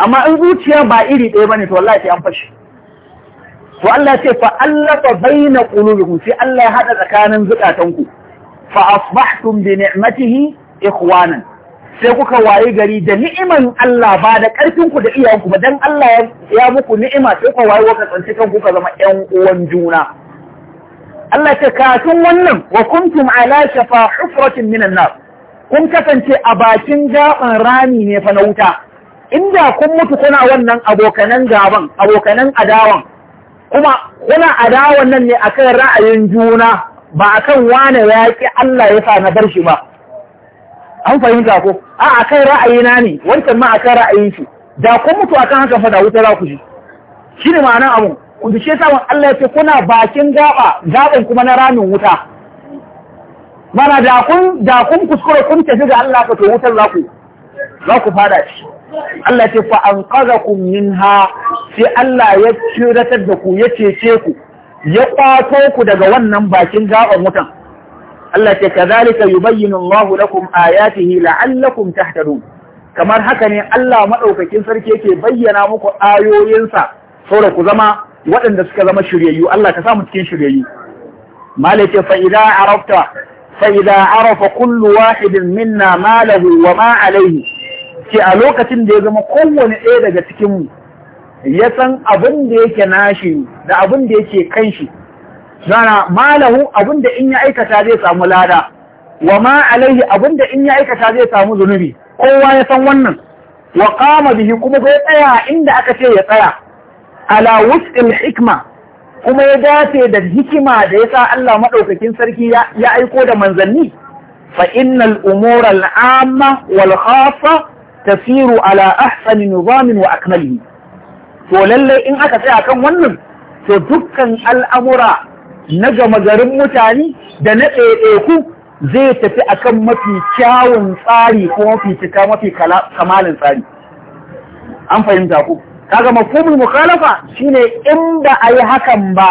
amma in zuciya ba iri ɗaya bane to wallahi sai an fashe to Allah ce fa allafa baina qulubikum sai Allah ya hada tsakanin zukatanku fa asbahtum bi ni'matihi ikhwanan sai kuka wayi gari da ni'iman Allah ba da karfin ku da ku ba dan Allah ya muku ni'ima sai kuka wayi waka tsanci kanku ka zama ƴan uwan juna Allah ce kafin wannan wa kuntum ala shafa hufratin minan nar kun kasance a bakin gaban rami ne fa na wuta inda kun mutu kuna wannan abokanan gaban abokanan adawan kuma kuna adawan nan ne akan ra'ayin juna ba akan wane yaƙi Allah ya sa na bar shi ba an fahimta ko a akan ra'ayina ne wancan ma akan ra'ayin shi da kun mutu akan haka fada wuta za ku ji shi ne ma'ana abu ku ji shi Allah ya ce kuna bakin gaba gaban kuma na ramin wuta mana da kun da kun kuskure kun tafi ga Allah ka to wutar za ku za ku fada shi Allah ce fa an qadakum minha sai Allah ya ciratar da ku ya cece ku ya kwato ku daga wannan bakin gaban wutan Allah ce kadhalika yubayyinu Allahu lakum ayatihi la'allakum tahtadun kamar haka ne Allah madaukakin sarki yake bayyana muku ayoyinsa saboda ku zama waɗanda suka zama shiryayyu Allah ka samu cikin shiryayyu malai ce fa idza arafta fa idza arafa kullu wahidin minna malahu wa ma alayhi ce a lokacin da ya zama kowane ɗaya daga cikinmu ya san abin da yake nashi da abin da yake kan shi zana malahu abin da in ya aikata zai samu lada wa ma alaihi abin da in ya aikata zai samu zunubi kowa ya san wannan wa qama bihi kuma zai tsaya inda aka ce ya tsaya ala wus'il hikma kuma ya dace da hikima da ya sa Allah maɗaukakin sarki ya aiko da manzanni fa innal umura wal tasiru ala ahsani nizamin wa akmalihi to lallai in aka tsaya kan wannan to dukkan al'amura na gama garin mutane da na ɗaiɗaiku zai tafi akan mafi kyawun tsari ko mafi cika mafi kamalin tsari an fahimta ku kaga mafhumul mukhalafa shine inda ayi hakan ba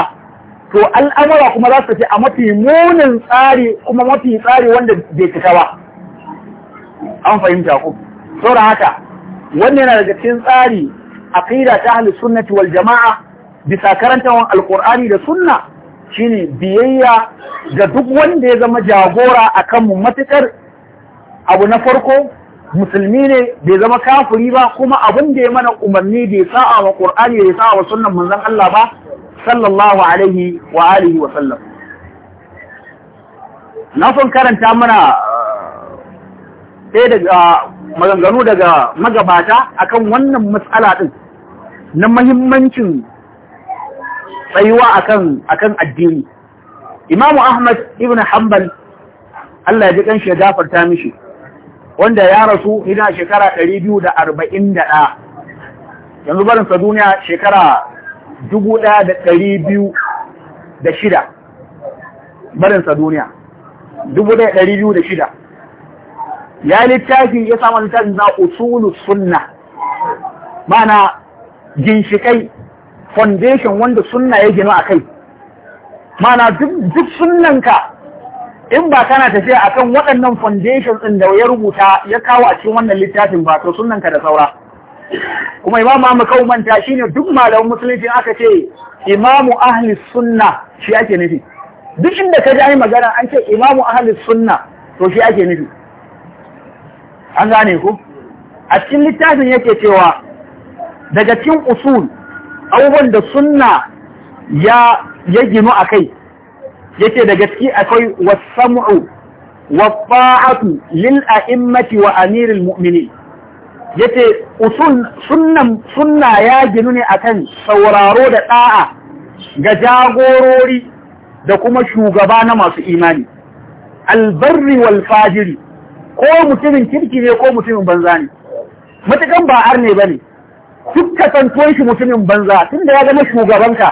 to al'amura kuma za su tafi a mafi munin tsari kuma mafi tsari wanda bai cika ba an fahimta ku saboda haka wanne yana daga cikin tsari a aqida ta ahli sunnati wal jama'a bisa karantawan Alƙur'ani da sunna shine biyayya ga duk wanda ya zama jagora akan mu matuƙar abu na farko musulmi ne bai zama kafuri ba kuma abin da ya mana umarni bai sa'a wa ƙur'ani bai sa'a wa sunnan manzon Allah ba sallallahu alaihi wa alihi wa sallam na son karanta mana ɗaya eh, daga maganganu daga magabata akan wannan matsala ɗin na mahimmancin tsayuwa akan akan addini Imamu Ahmad ibn Hanbal Allah ya ji kanshi ya gafarta mishi wanda ya rasu ina shekara 241 yanzu barin sa duniya shekara 1206 barin sa duniya 1206 ya littafi ya samu littafin na usulu sunna mana ginshikai foundation wanda sunna ya gina a kai mana duk sunnanka in ba kana tafiya akan waɗannan foundation ɗin da ya rubuta ya kawo a cikin wannan littafin ba to sunanka da saura kuma imamu mu kawo manta shine duk malamin musulunci aka ce imamu ahli sunna shi ake nufi duk inda ka ji magana an ce imamu ahli sunna to shi ake nufi an gane ku a cikin littafin yake cewa daga cikin usul abubuwan da sunna ya ya ginu a kai yake daga ciki akwai wasam'u wata'atu lil a'immati wa amiril mu'minin yace usul sunna ya ginu ne akan sauraro da ɗa'a ga jagorori da kuma shugaba na masu imani albarri wal fajiri ko mutumin kirki ne ko mutumin banza ne matukan ba arne ba ne duk kasantuwar shi mutumin banza tun da ya zama shugabanka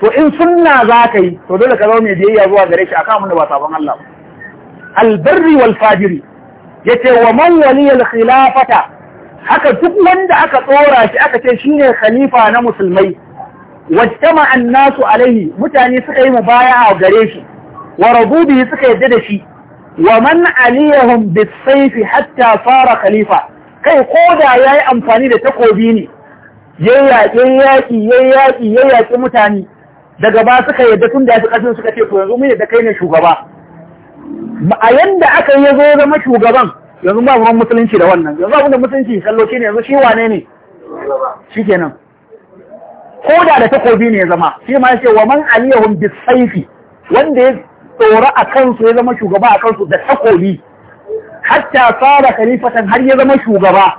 to in sunna za ka yi to dole ka zama mai biyayya zuwa gare shi akan da ba sabon Allah albarri wal fajiri yace wa man waliyal khilafata haka duk wanda aka tsora shi aka ce shine khalifa na musulmai wajtama annasu alaihi mutane suka yi mubaya'a gare shi wa suka yadda da shi wa man aliyahum bisayfi hatta fara khalifa kai ko da yayi amfani da takobi ne yayyaki yaki yayyaki yayyaki mutane daga ba suka yadda tun da su kasin suka ce to yanzu mu yadda kai ne shugaba a yanda aka yi zo zama shugaban yanzu ba ruwan musulunci da wannan yanzu abin da musulunci kalloci ne yanzu shi wane ne shi kenan ko da da takobi ne ya zama shi ma ya ce wa man aliyahum bisayfi wanda ya tsora a kansu ya zama shugaba a kansu da takobi hatta fara khalifatan har ya zama shugaba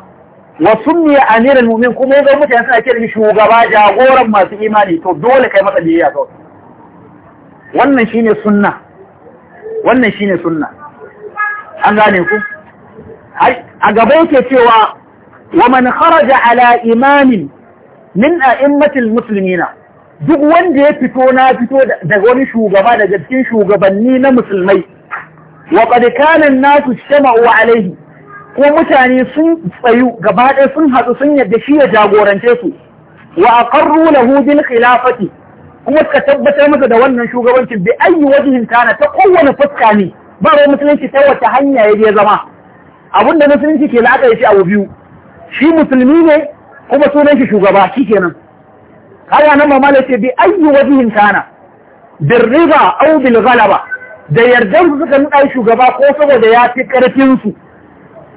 wa sunniya amiral mu'min kuma ya zama mutane suna kiran shugaba jagoran masu imani to dole kai masa biyayya kawai wannan shine sunna wannan shine sunna an gane ku a gaba yake cewa wa man kharaja ala imamin min a'immatil muslimina duk wanda ya fito na fito daga wani shugaba daga cikin shugabanni na musulmai wa qad su nasu shama'u alaihi ko mutane sun tsayu gaba sun hatsu sun yadda shi ya jagorance su wa aqarru lahu bil khilafati kuma suka tabbatar masa da wannan shugabancin bi ayi wajen tana ta kowane fuska ne ba wa musulunci ta wata hanya ya je zama abinda musulunci ke la'akari shi abu biyu shi musulmi ne kuma sunan shi shugaba shi kenan kaga nan ba mala ce bi ayyu wajihin kana bil riba aw bil ghalaba da yardan su suka nuna shugaba ko saboda ya fi karfin su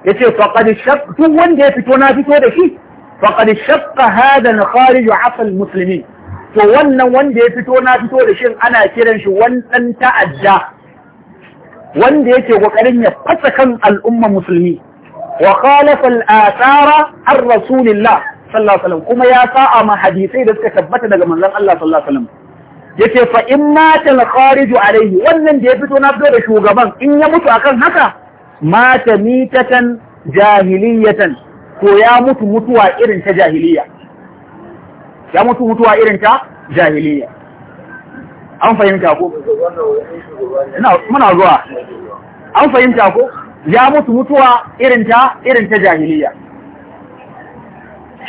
yace faqad shaq duk wanda ya fito na fito da shi faqad shaqqa hada na kharij afal muslimin to wannan wanda ya fito na fito da shin ana kiran shi wannan ta'adda wanda yake kokarin ya fasa kan al'umma musulmi wa khalafa al-athara ar-rasulillah sallallahu alaihi kuma ya sa'a ma hadisai da suka tabbata daga manzon Allah sallallahu alaihi wasallam yace fa in mata al-kharij alaihi wannan da ya fito na fito da shugaban in ya mutu akan haka mata mitatan jahiliyatan ko ya mutu mutuwa irin ta jahiliya ya mutu mutuwa irin ta jahiliya an fahimta ko muna zuwa an fahimta ko ya mutu mutuwa irin ta irin ta jahiliya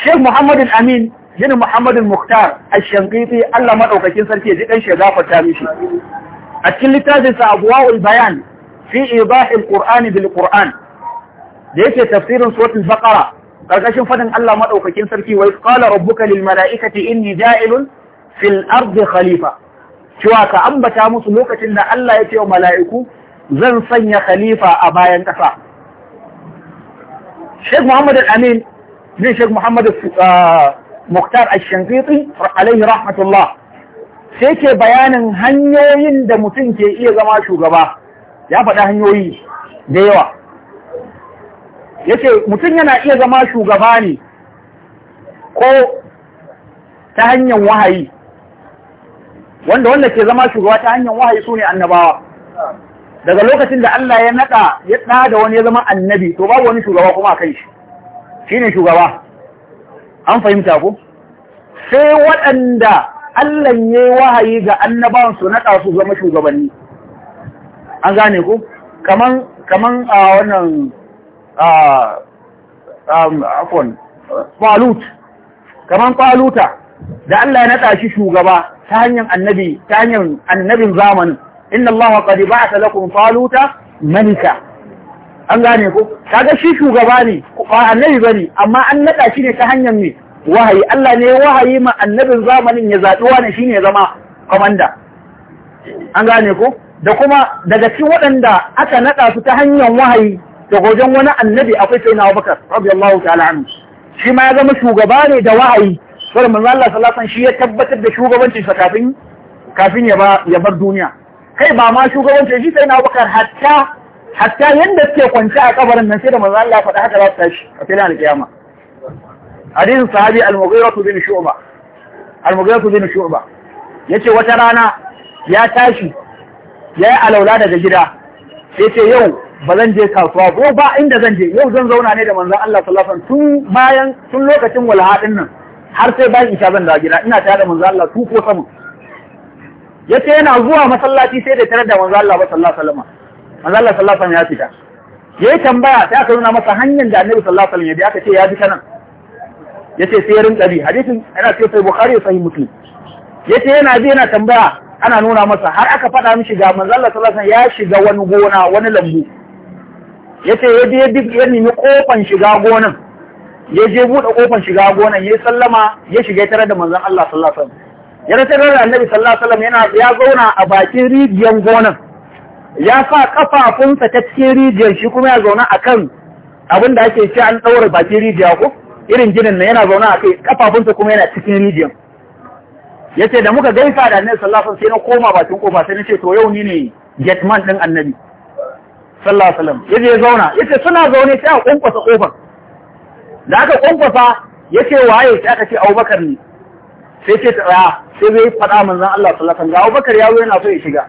Sheikh Muhammadu Amin jini Muhammadu Mukhtar a shankiti Allah maɗaukakin sarki ji ɗan shagafata mishi. A cikin littafinsa abuwa'ul bayan fi ibahil Qur'ani bil Qur'an da yake tafsirin suratul Baqara karkashin fadin Allah maɗaukakin sarki wai qala rabbuka lil mala'ikati inni ja'ilun fil ardi khalifa cewa ka ambata musu lokacin da Allah ya ce wa mala'iku zan sanya khalifa a bayan ƙasa. Sheikh Muhammad amin bin Sheikh Muhammad Mukhtar Ash-Shankiti alaihi rahmatullah sai ke bayanin hanyoyin da mutum ke iya zama shugaba ya faɗa hanyoyi da yawa yace mutum yana iya zama shugaba ne ko ta hanyar wahayi wanda wanda ke zama shugaba ta hanyar wahayi su ne annabawa daga lokacin da Allah ya naɗa ya ɗada wani ya zama annabi to babu wani shugaba kuma a kai shi ne shugaba an fahimta ko sai waɗanda Allah ya yi wahayi ga annabawan su naɗa su zama shugabanni an gane ko kaman a wannan falut kaman faluta da Allah ya naɗa shi shugaba ta hanyar annabi ta hanyar annabin zamanin inna Allah ba a talakun faluta manika an gane ko kaga shi shugaba ne ba annabi bane amma an nada shi ne ta hanyar ne wahayi Allah ne wahayi ma annabin zamanin ya zaɓi wani shine ya zama komanda an gane ko da kuma daga cikin waɗanda aka nada su ta hanyar wahayi da gojen wani annabi akwai sayyidina Abubakar radiyallahu ta'ala anhu shi ma ya zama shugaba ne da wahayi sai manzo Allah sallallahu alaihi wasallam shi ya tabbatar da shugabancin sa kafin kafin ya bar duniya kai ba ma shugabancin shi sai na hatta hatta yadda suke kwanci a kabarin nan sai da manzo Allah faɗa haka za su tashi a filin alƙiyama hadisin sahabi al-mughira bin shu'ba al-mughira bin shu'ba yace wata rana ya tashi ya yayi alaula daga gida sai ce yau ba zan je kasuwa ko ba inda zan je yau zan zauna ne da manzon Allah sallallahu alaihi wasallam tun bayan tun lokacin walhadin nan har sai bayan isha zan dawo gida ina tare da manzon Allah tu saman. yace yana zuwa masallaci sai da tare da manzon Allah sallallahu alaihi wasallam manzo Allah sallallahu alaihi ya fita yayi tambaya sai aka nuna masa hanyar da annabi sallallahu alaihi wasallam ya bi aka ce ya bi ta nan yace sai ya rinka bi hadisin yana ce sai bukhari ya sai muslim yace yana bi yana tambaya ana nuna masa har aka faɗa mishi ga manzo Allah sallallahu alaihi ya shiga wani gona wani lambu yace ya je ya nemi kofan shiga gonan ya je buɗe kofan shiga gonan ya sallama ya shiga tare da manzon Allah sallallahu alaihi wasallam ya tare da annabi sallallahu alaihi wasallam yana ya zauna a bakin rijiyar gonan ya sa kafafunsa ta cikin rijiyar shi kuma ya zauna a kan abin da ake ce an ɗaura bakin rijiya ko irin ginin na yana zauna a kai kafafunsa kuma yana cikin rijiyar ya ce da muka gaisa da annabi sallallahu alaihi sai na koma bakin kofa sai na ce to yau ni ne getman ɗin annabi sallallahu alaihi wasallam yaje ya zauna Ya ce suna zaune sai a kwankwasa kofar da aka ya ce waye sai aka ce Abubakar ne sai ce tsaya ah, sai zai faɗa manzon Allah sallallahu alaihi wasallam ga Abubakar ya zo yana so ya shiga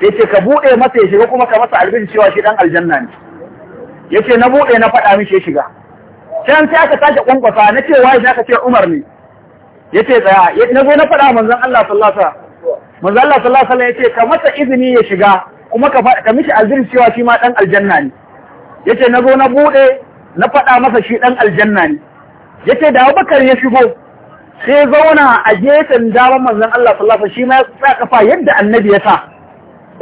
sai ce ka buɗe masa ya shiga kuma ka masa albin cewa shi dan aljanna ne Yace na buɗe na faɗa mishi ya shiga can sai aka sake ƙwanƙwasa na ce waye aka ce umar ne Yace tsaya na zo na faɗa manzon Allah sallallahu alaihi wasallam manzon Allah sallallahu alaihi wasallam ya ka masa izini ya shiga kuma ka ka mishi albin cewa shi ma ɗan aljanna ne Yace ce na zo na buɗe na faɗa masa shi dan aljanna ne Yace da Abubakar ya shigo sai zauna a gefen daman manzon Allah sallallahu alaihi wasallam shi ma ya sa kafa yadda annabi ya sa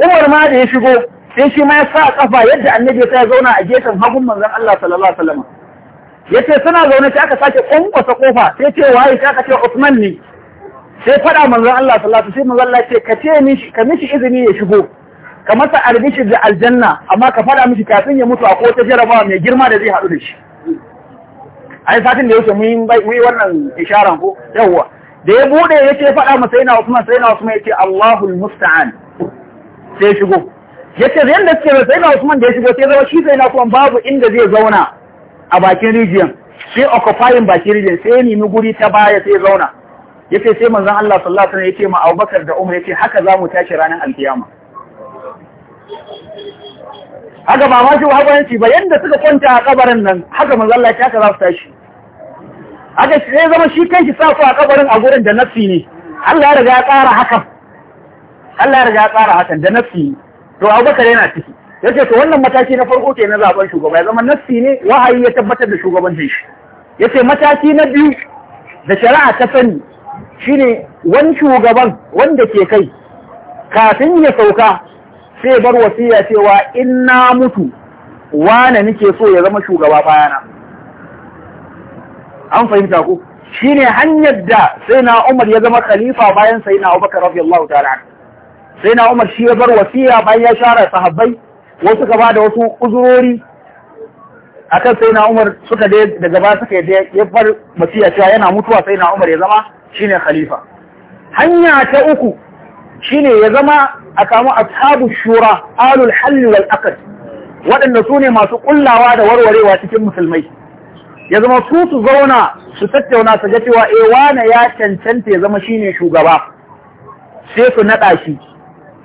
Umar ma da ya shigo sai shi ma ya sa kafa yadda annabi ya ya zauna a gefen hagun manzon Allah sallallahu alaihi wasallam yace suna zaune sai aka sake kunkwasa kofa sai ce waye sai aka ce Usman ne sai fada manzon Allah sallallahu alaihi wasallam sai ce ka ce mishi ka mishi izini ya shigo ka masa arbishi da aljanna amma ka fada mishi kafin ya mutu a ko ta jarabawa mai girma da zai hadu da shi ai satin da yake mun yi wannan isharan ko yawwa da ya bude yace fada masa ina Usman sai ina Usman yace Allahul musta'an sai ya shigo ya ce yadda suke da sai na Usman da ya shigo sai zama shi sai na kuma babu inda zai zauna a bakin rijiyan sai occupying bakin rijiyan sai ya nemi guri ta baya sai ya zauna ya ce sai manzon Allah sallallahu alaihi wasallam ya ce ma Abubakar da Umar ya ce haka za mu tashi ranar alkiyama haka ba ma shi wahabanci ba yadda suka kwanta a kabarin nan haka manzon Allah ya ce haka za su tashi haka sai zama shi kanshi sa su a kabarin a gurin da nafsi ne Allah ya riga ya tsara hakan Allah ya riga ya tsara hakan da nafsi to Abubakar yana ciki yace to wannan mataki na farko ke na zaben shugaba ya zama nafsi ne wahayi ya tabbatar da shugabancin shi yace mataki na biyu da shari'a ta sani shine wani shugaban wanda ke kai kafin ya sauka sai bar wasiya cewa in na mutu wane nake so ya zama shugaba bayana an fahimta ku shine hanyar da sai na Umar ya zama khalifa bayan sai na Abubakar radiyallahu ta'ala sai na umar shi ya bar wasiya bayan ya share sahabbai wasu ka da wasu uzurori akan sai na umar suka dai daga ba suka ya bar wasiya cewa yana mutuwa sai na umar ya zama shine khalifa hanya ta uku shine ya zama a samu ashabu shura alul hal wal aqd waɗanda su ne masu kullawa da warwarewa cikin musulmai ya zama su su zauna su tattauna su ga cewa eh wane ya cancanta ya zama shine shugaba sai su naɗa shi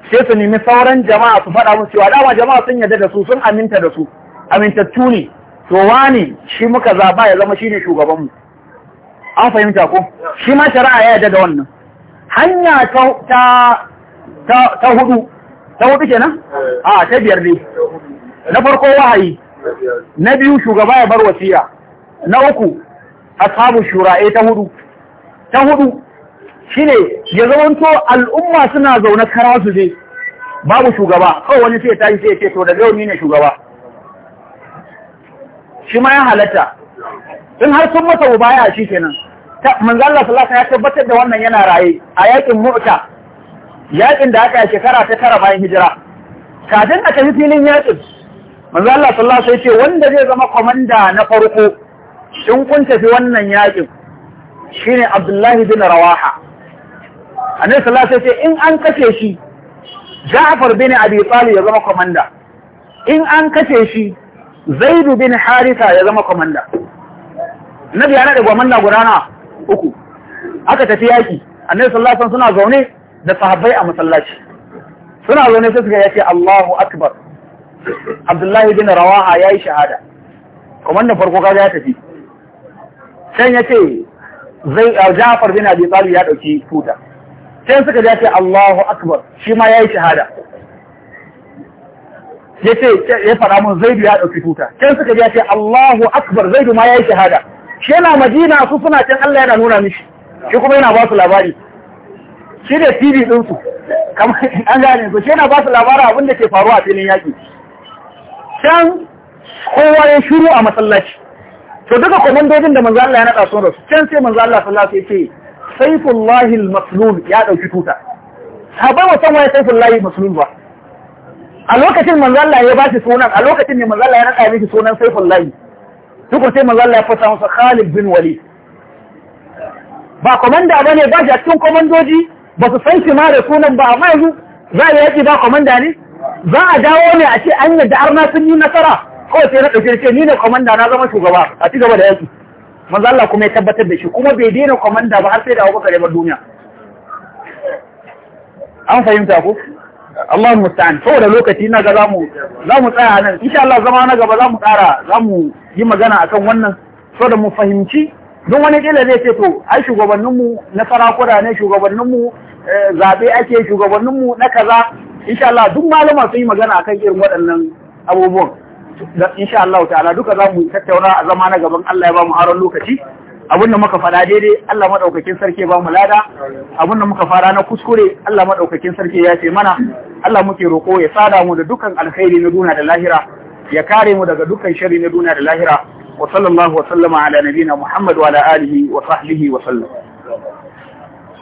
sai su nemi sauran jama'a su faɗa musu cewa dama jama'a sun yarda da su sun aminta da su amintattu ne to wani shi muka zaba ya zama shine shugabanmu an fahimta ko shi ma shari'a ya yarda da wannan hanya ta ta ta hudu ta hudu kenan a ta biyar ne na farko wahayi na biyu shugaba ya bar wasiya na uku ashabu shura'i ta hudu ta hudu shine ya zamanto al'umma suna zaune kara su je babu shugaba kawai wani sai yi sai ce to da yau ni ne shugaba shi ma ya halatta in har sun masa mubaya shi kenan manzo Allah sallallahu ya tabbatar da wannan yana raye a yakin mu'ta yakin da aka yi shekara ta tara bayan hijira kafin a tafi filin yakin manzo Allah sallallahu alaihi ce wanda zai zama komanda na farko in kun tafi wannan yakin shine Abdullahi bin Rawaha annabi sallallahu alaihi wasallam in an kashe shi Ja'far bin Abi Talib ya zama komanda in an kashe shi Zaid bin Haritha ya zama komanda Nabi ya nade gwamna gurana uku aka tafi yaki annabi sallallahu alaihi wasallam suna zaune da sahabbai a masallaci suna zaune sai suka yace Allahu akbar Abdullahi bin Rawaha yayi shahada komanda farko kaga ya tafi sai yace zai Ja'far bin Abi Talib ya dauki tuta sai suka ja ce Allahu Akbar shi ma ya yi shahada ya ce ya fara mun zaidu ya ɗauki tuta can suka ja ce Allahu Akbar zaidu ma ya yi shahada shi yana madina su suna can Allah yana nuna mishi shi kuma yana ba su labari shi ne TV ɗinsu kamar an gane su shi yana ba su labarin abin da ke faruwa a filin yaƙi can kowa ya shiru a masallaci to duka komandojin da manzo Allah ya naɗa sun rasu can sai manzo Allah sallallahu alaihi wasallam ce saifullahi al-maslul ya ɗauki tuta sabai wasan waye saifullahi al-maslul ba a lokacin manzo Allah ya bashi sunan a lokacin ne ya raka miki sunan saifullahi duk sai manzo ya fasa masa Khalid bin Wali. ba komanda ne ba shi a cikin komandoji ba su san shi ma da sunan ba amma yanzu za a yaki ba komanda ne za a dawo ne a ce an yadda arna sun yi nasara kawai sai na ɗauke ce ni ne komanda na zama shugaba a ci gaba da yaki manzo Allah kuma ya tabbatar da shi kuma bai daina kwamanda ba har sai da Abubakar ya bar duniya an fahimta ku Allah musta'an saboda lokaci na ga zamu zamu tsaya nan insha Allah zama na gaba zamu tsara zamu yi magana akan wannan saboda mu fahimci don wani kila zai ce to ai shugabannin mu na sarakuna ne shugabannin mu eh, zabe ake shugabannin mu na kaza insha Allah duk malama sun yi magana akan irin waɗannan abubuwan insha Allah ta'ala duka za mu tattauna a zama na gaban Allah ya ba mu haron lokaci abinda muka faɗa daidai Allah maɗaukakin sarki ba mu lada abinda muka fara na kuskure Allah maɗaukakin sarki ya ce mana Allah muke roko ya sada mu da dukkan alkhairi na duniya da lahira ya kare mu daga dukkan sharri na duniya da lahira wa sallallahu wa sallama ala nabina Muhammad wa ala alihi wa sahbihi wa sallam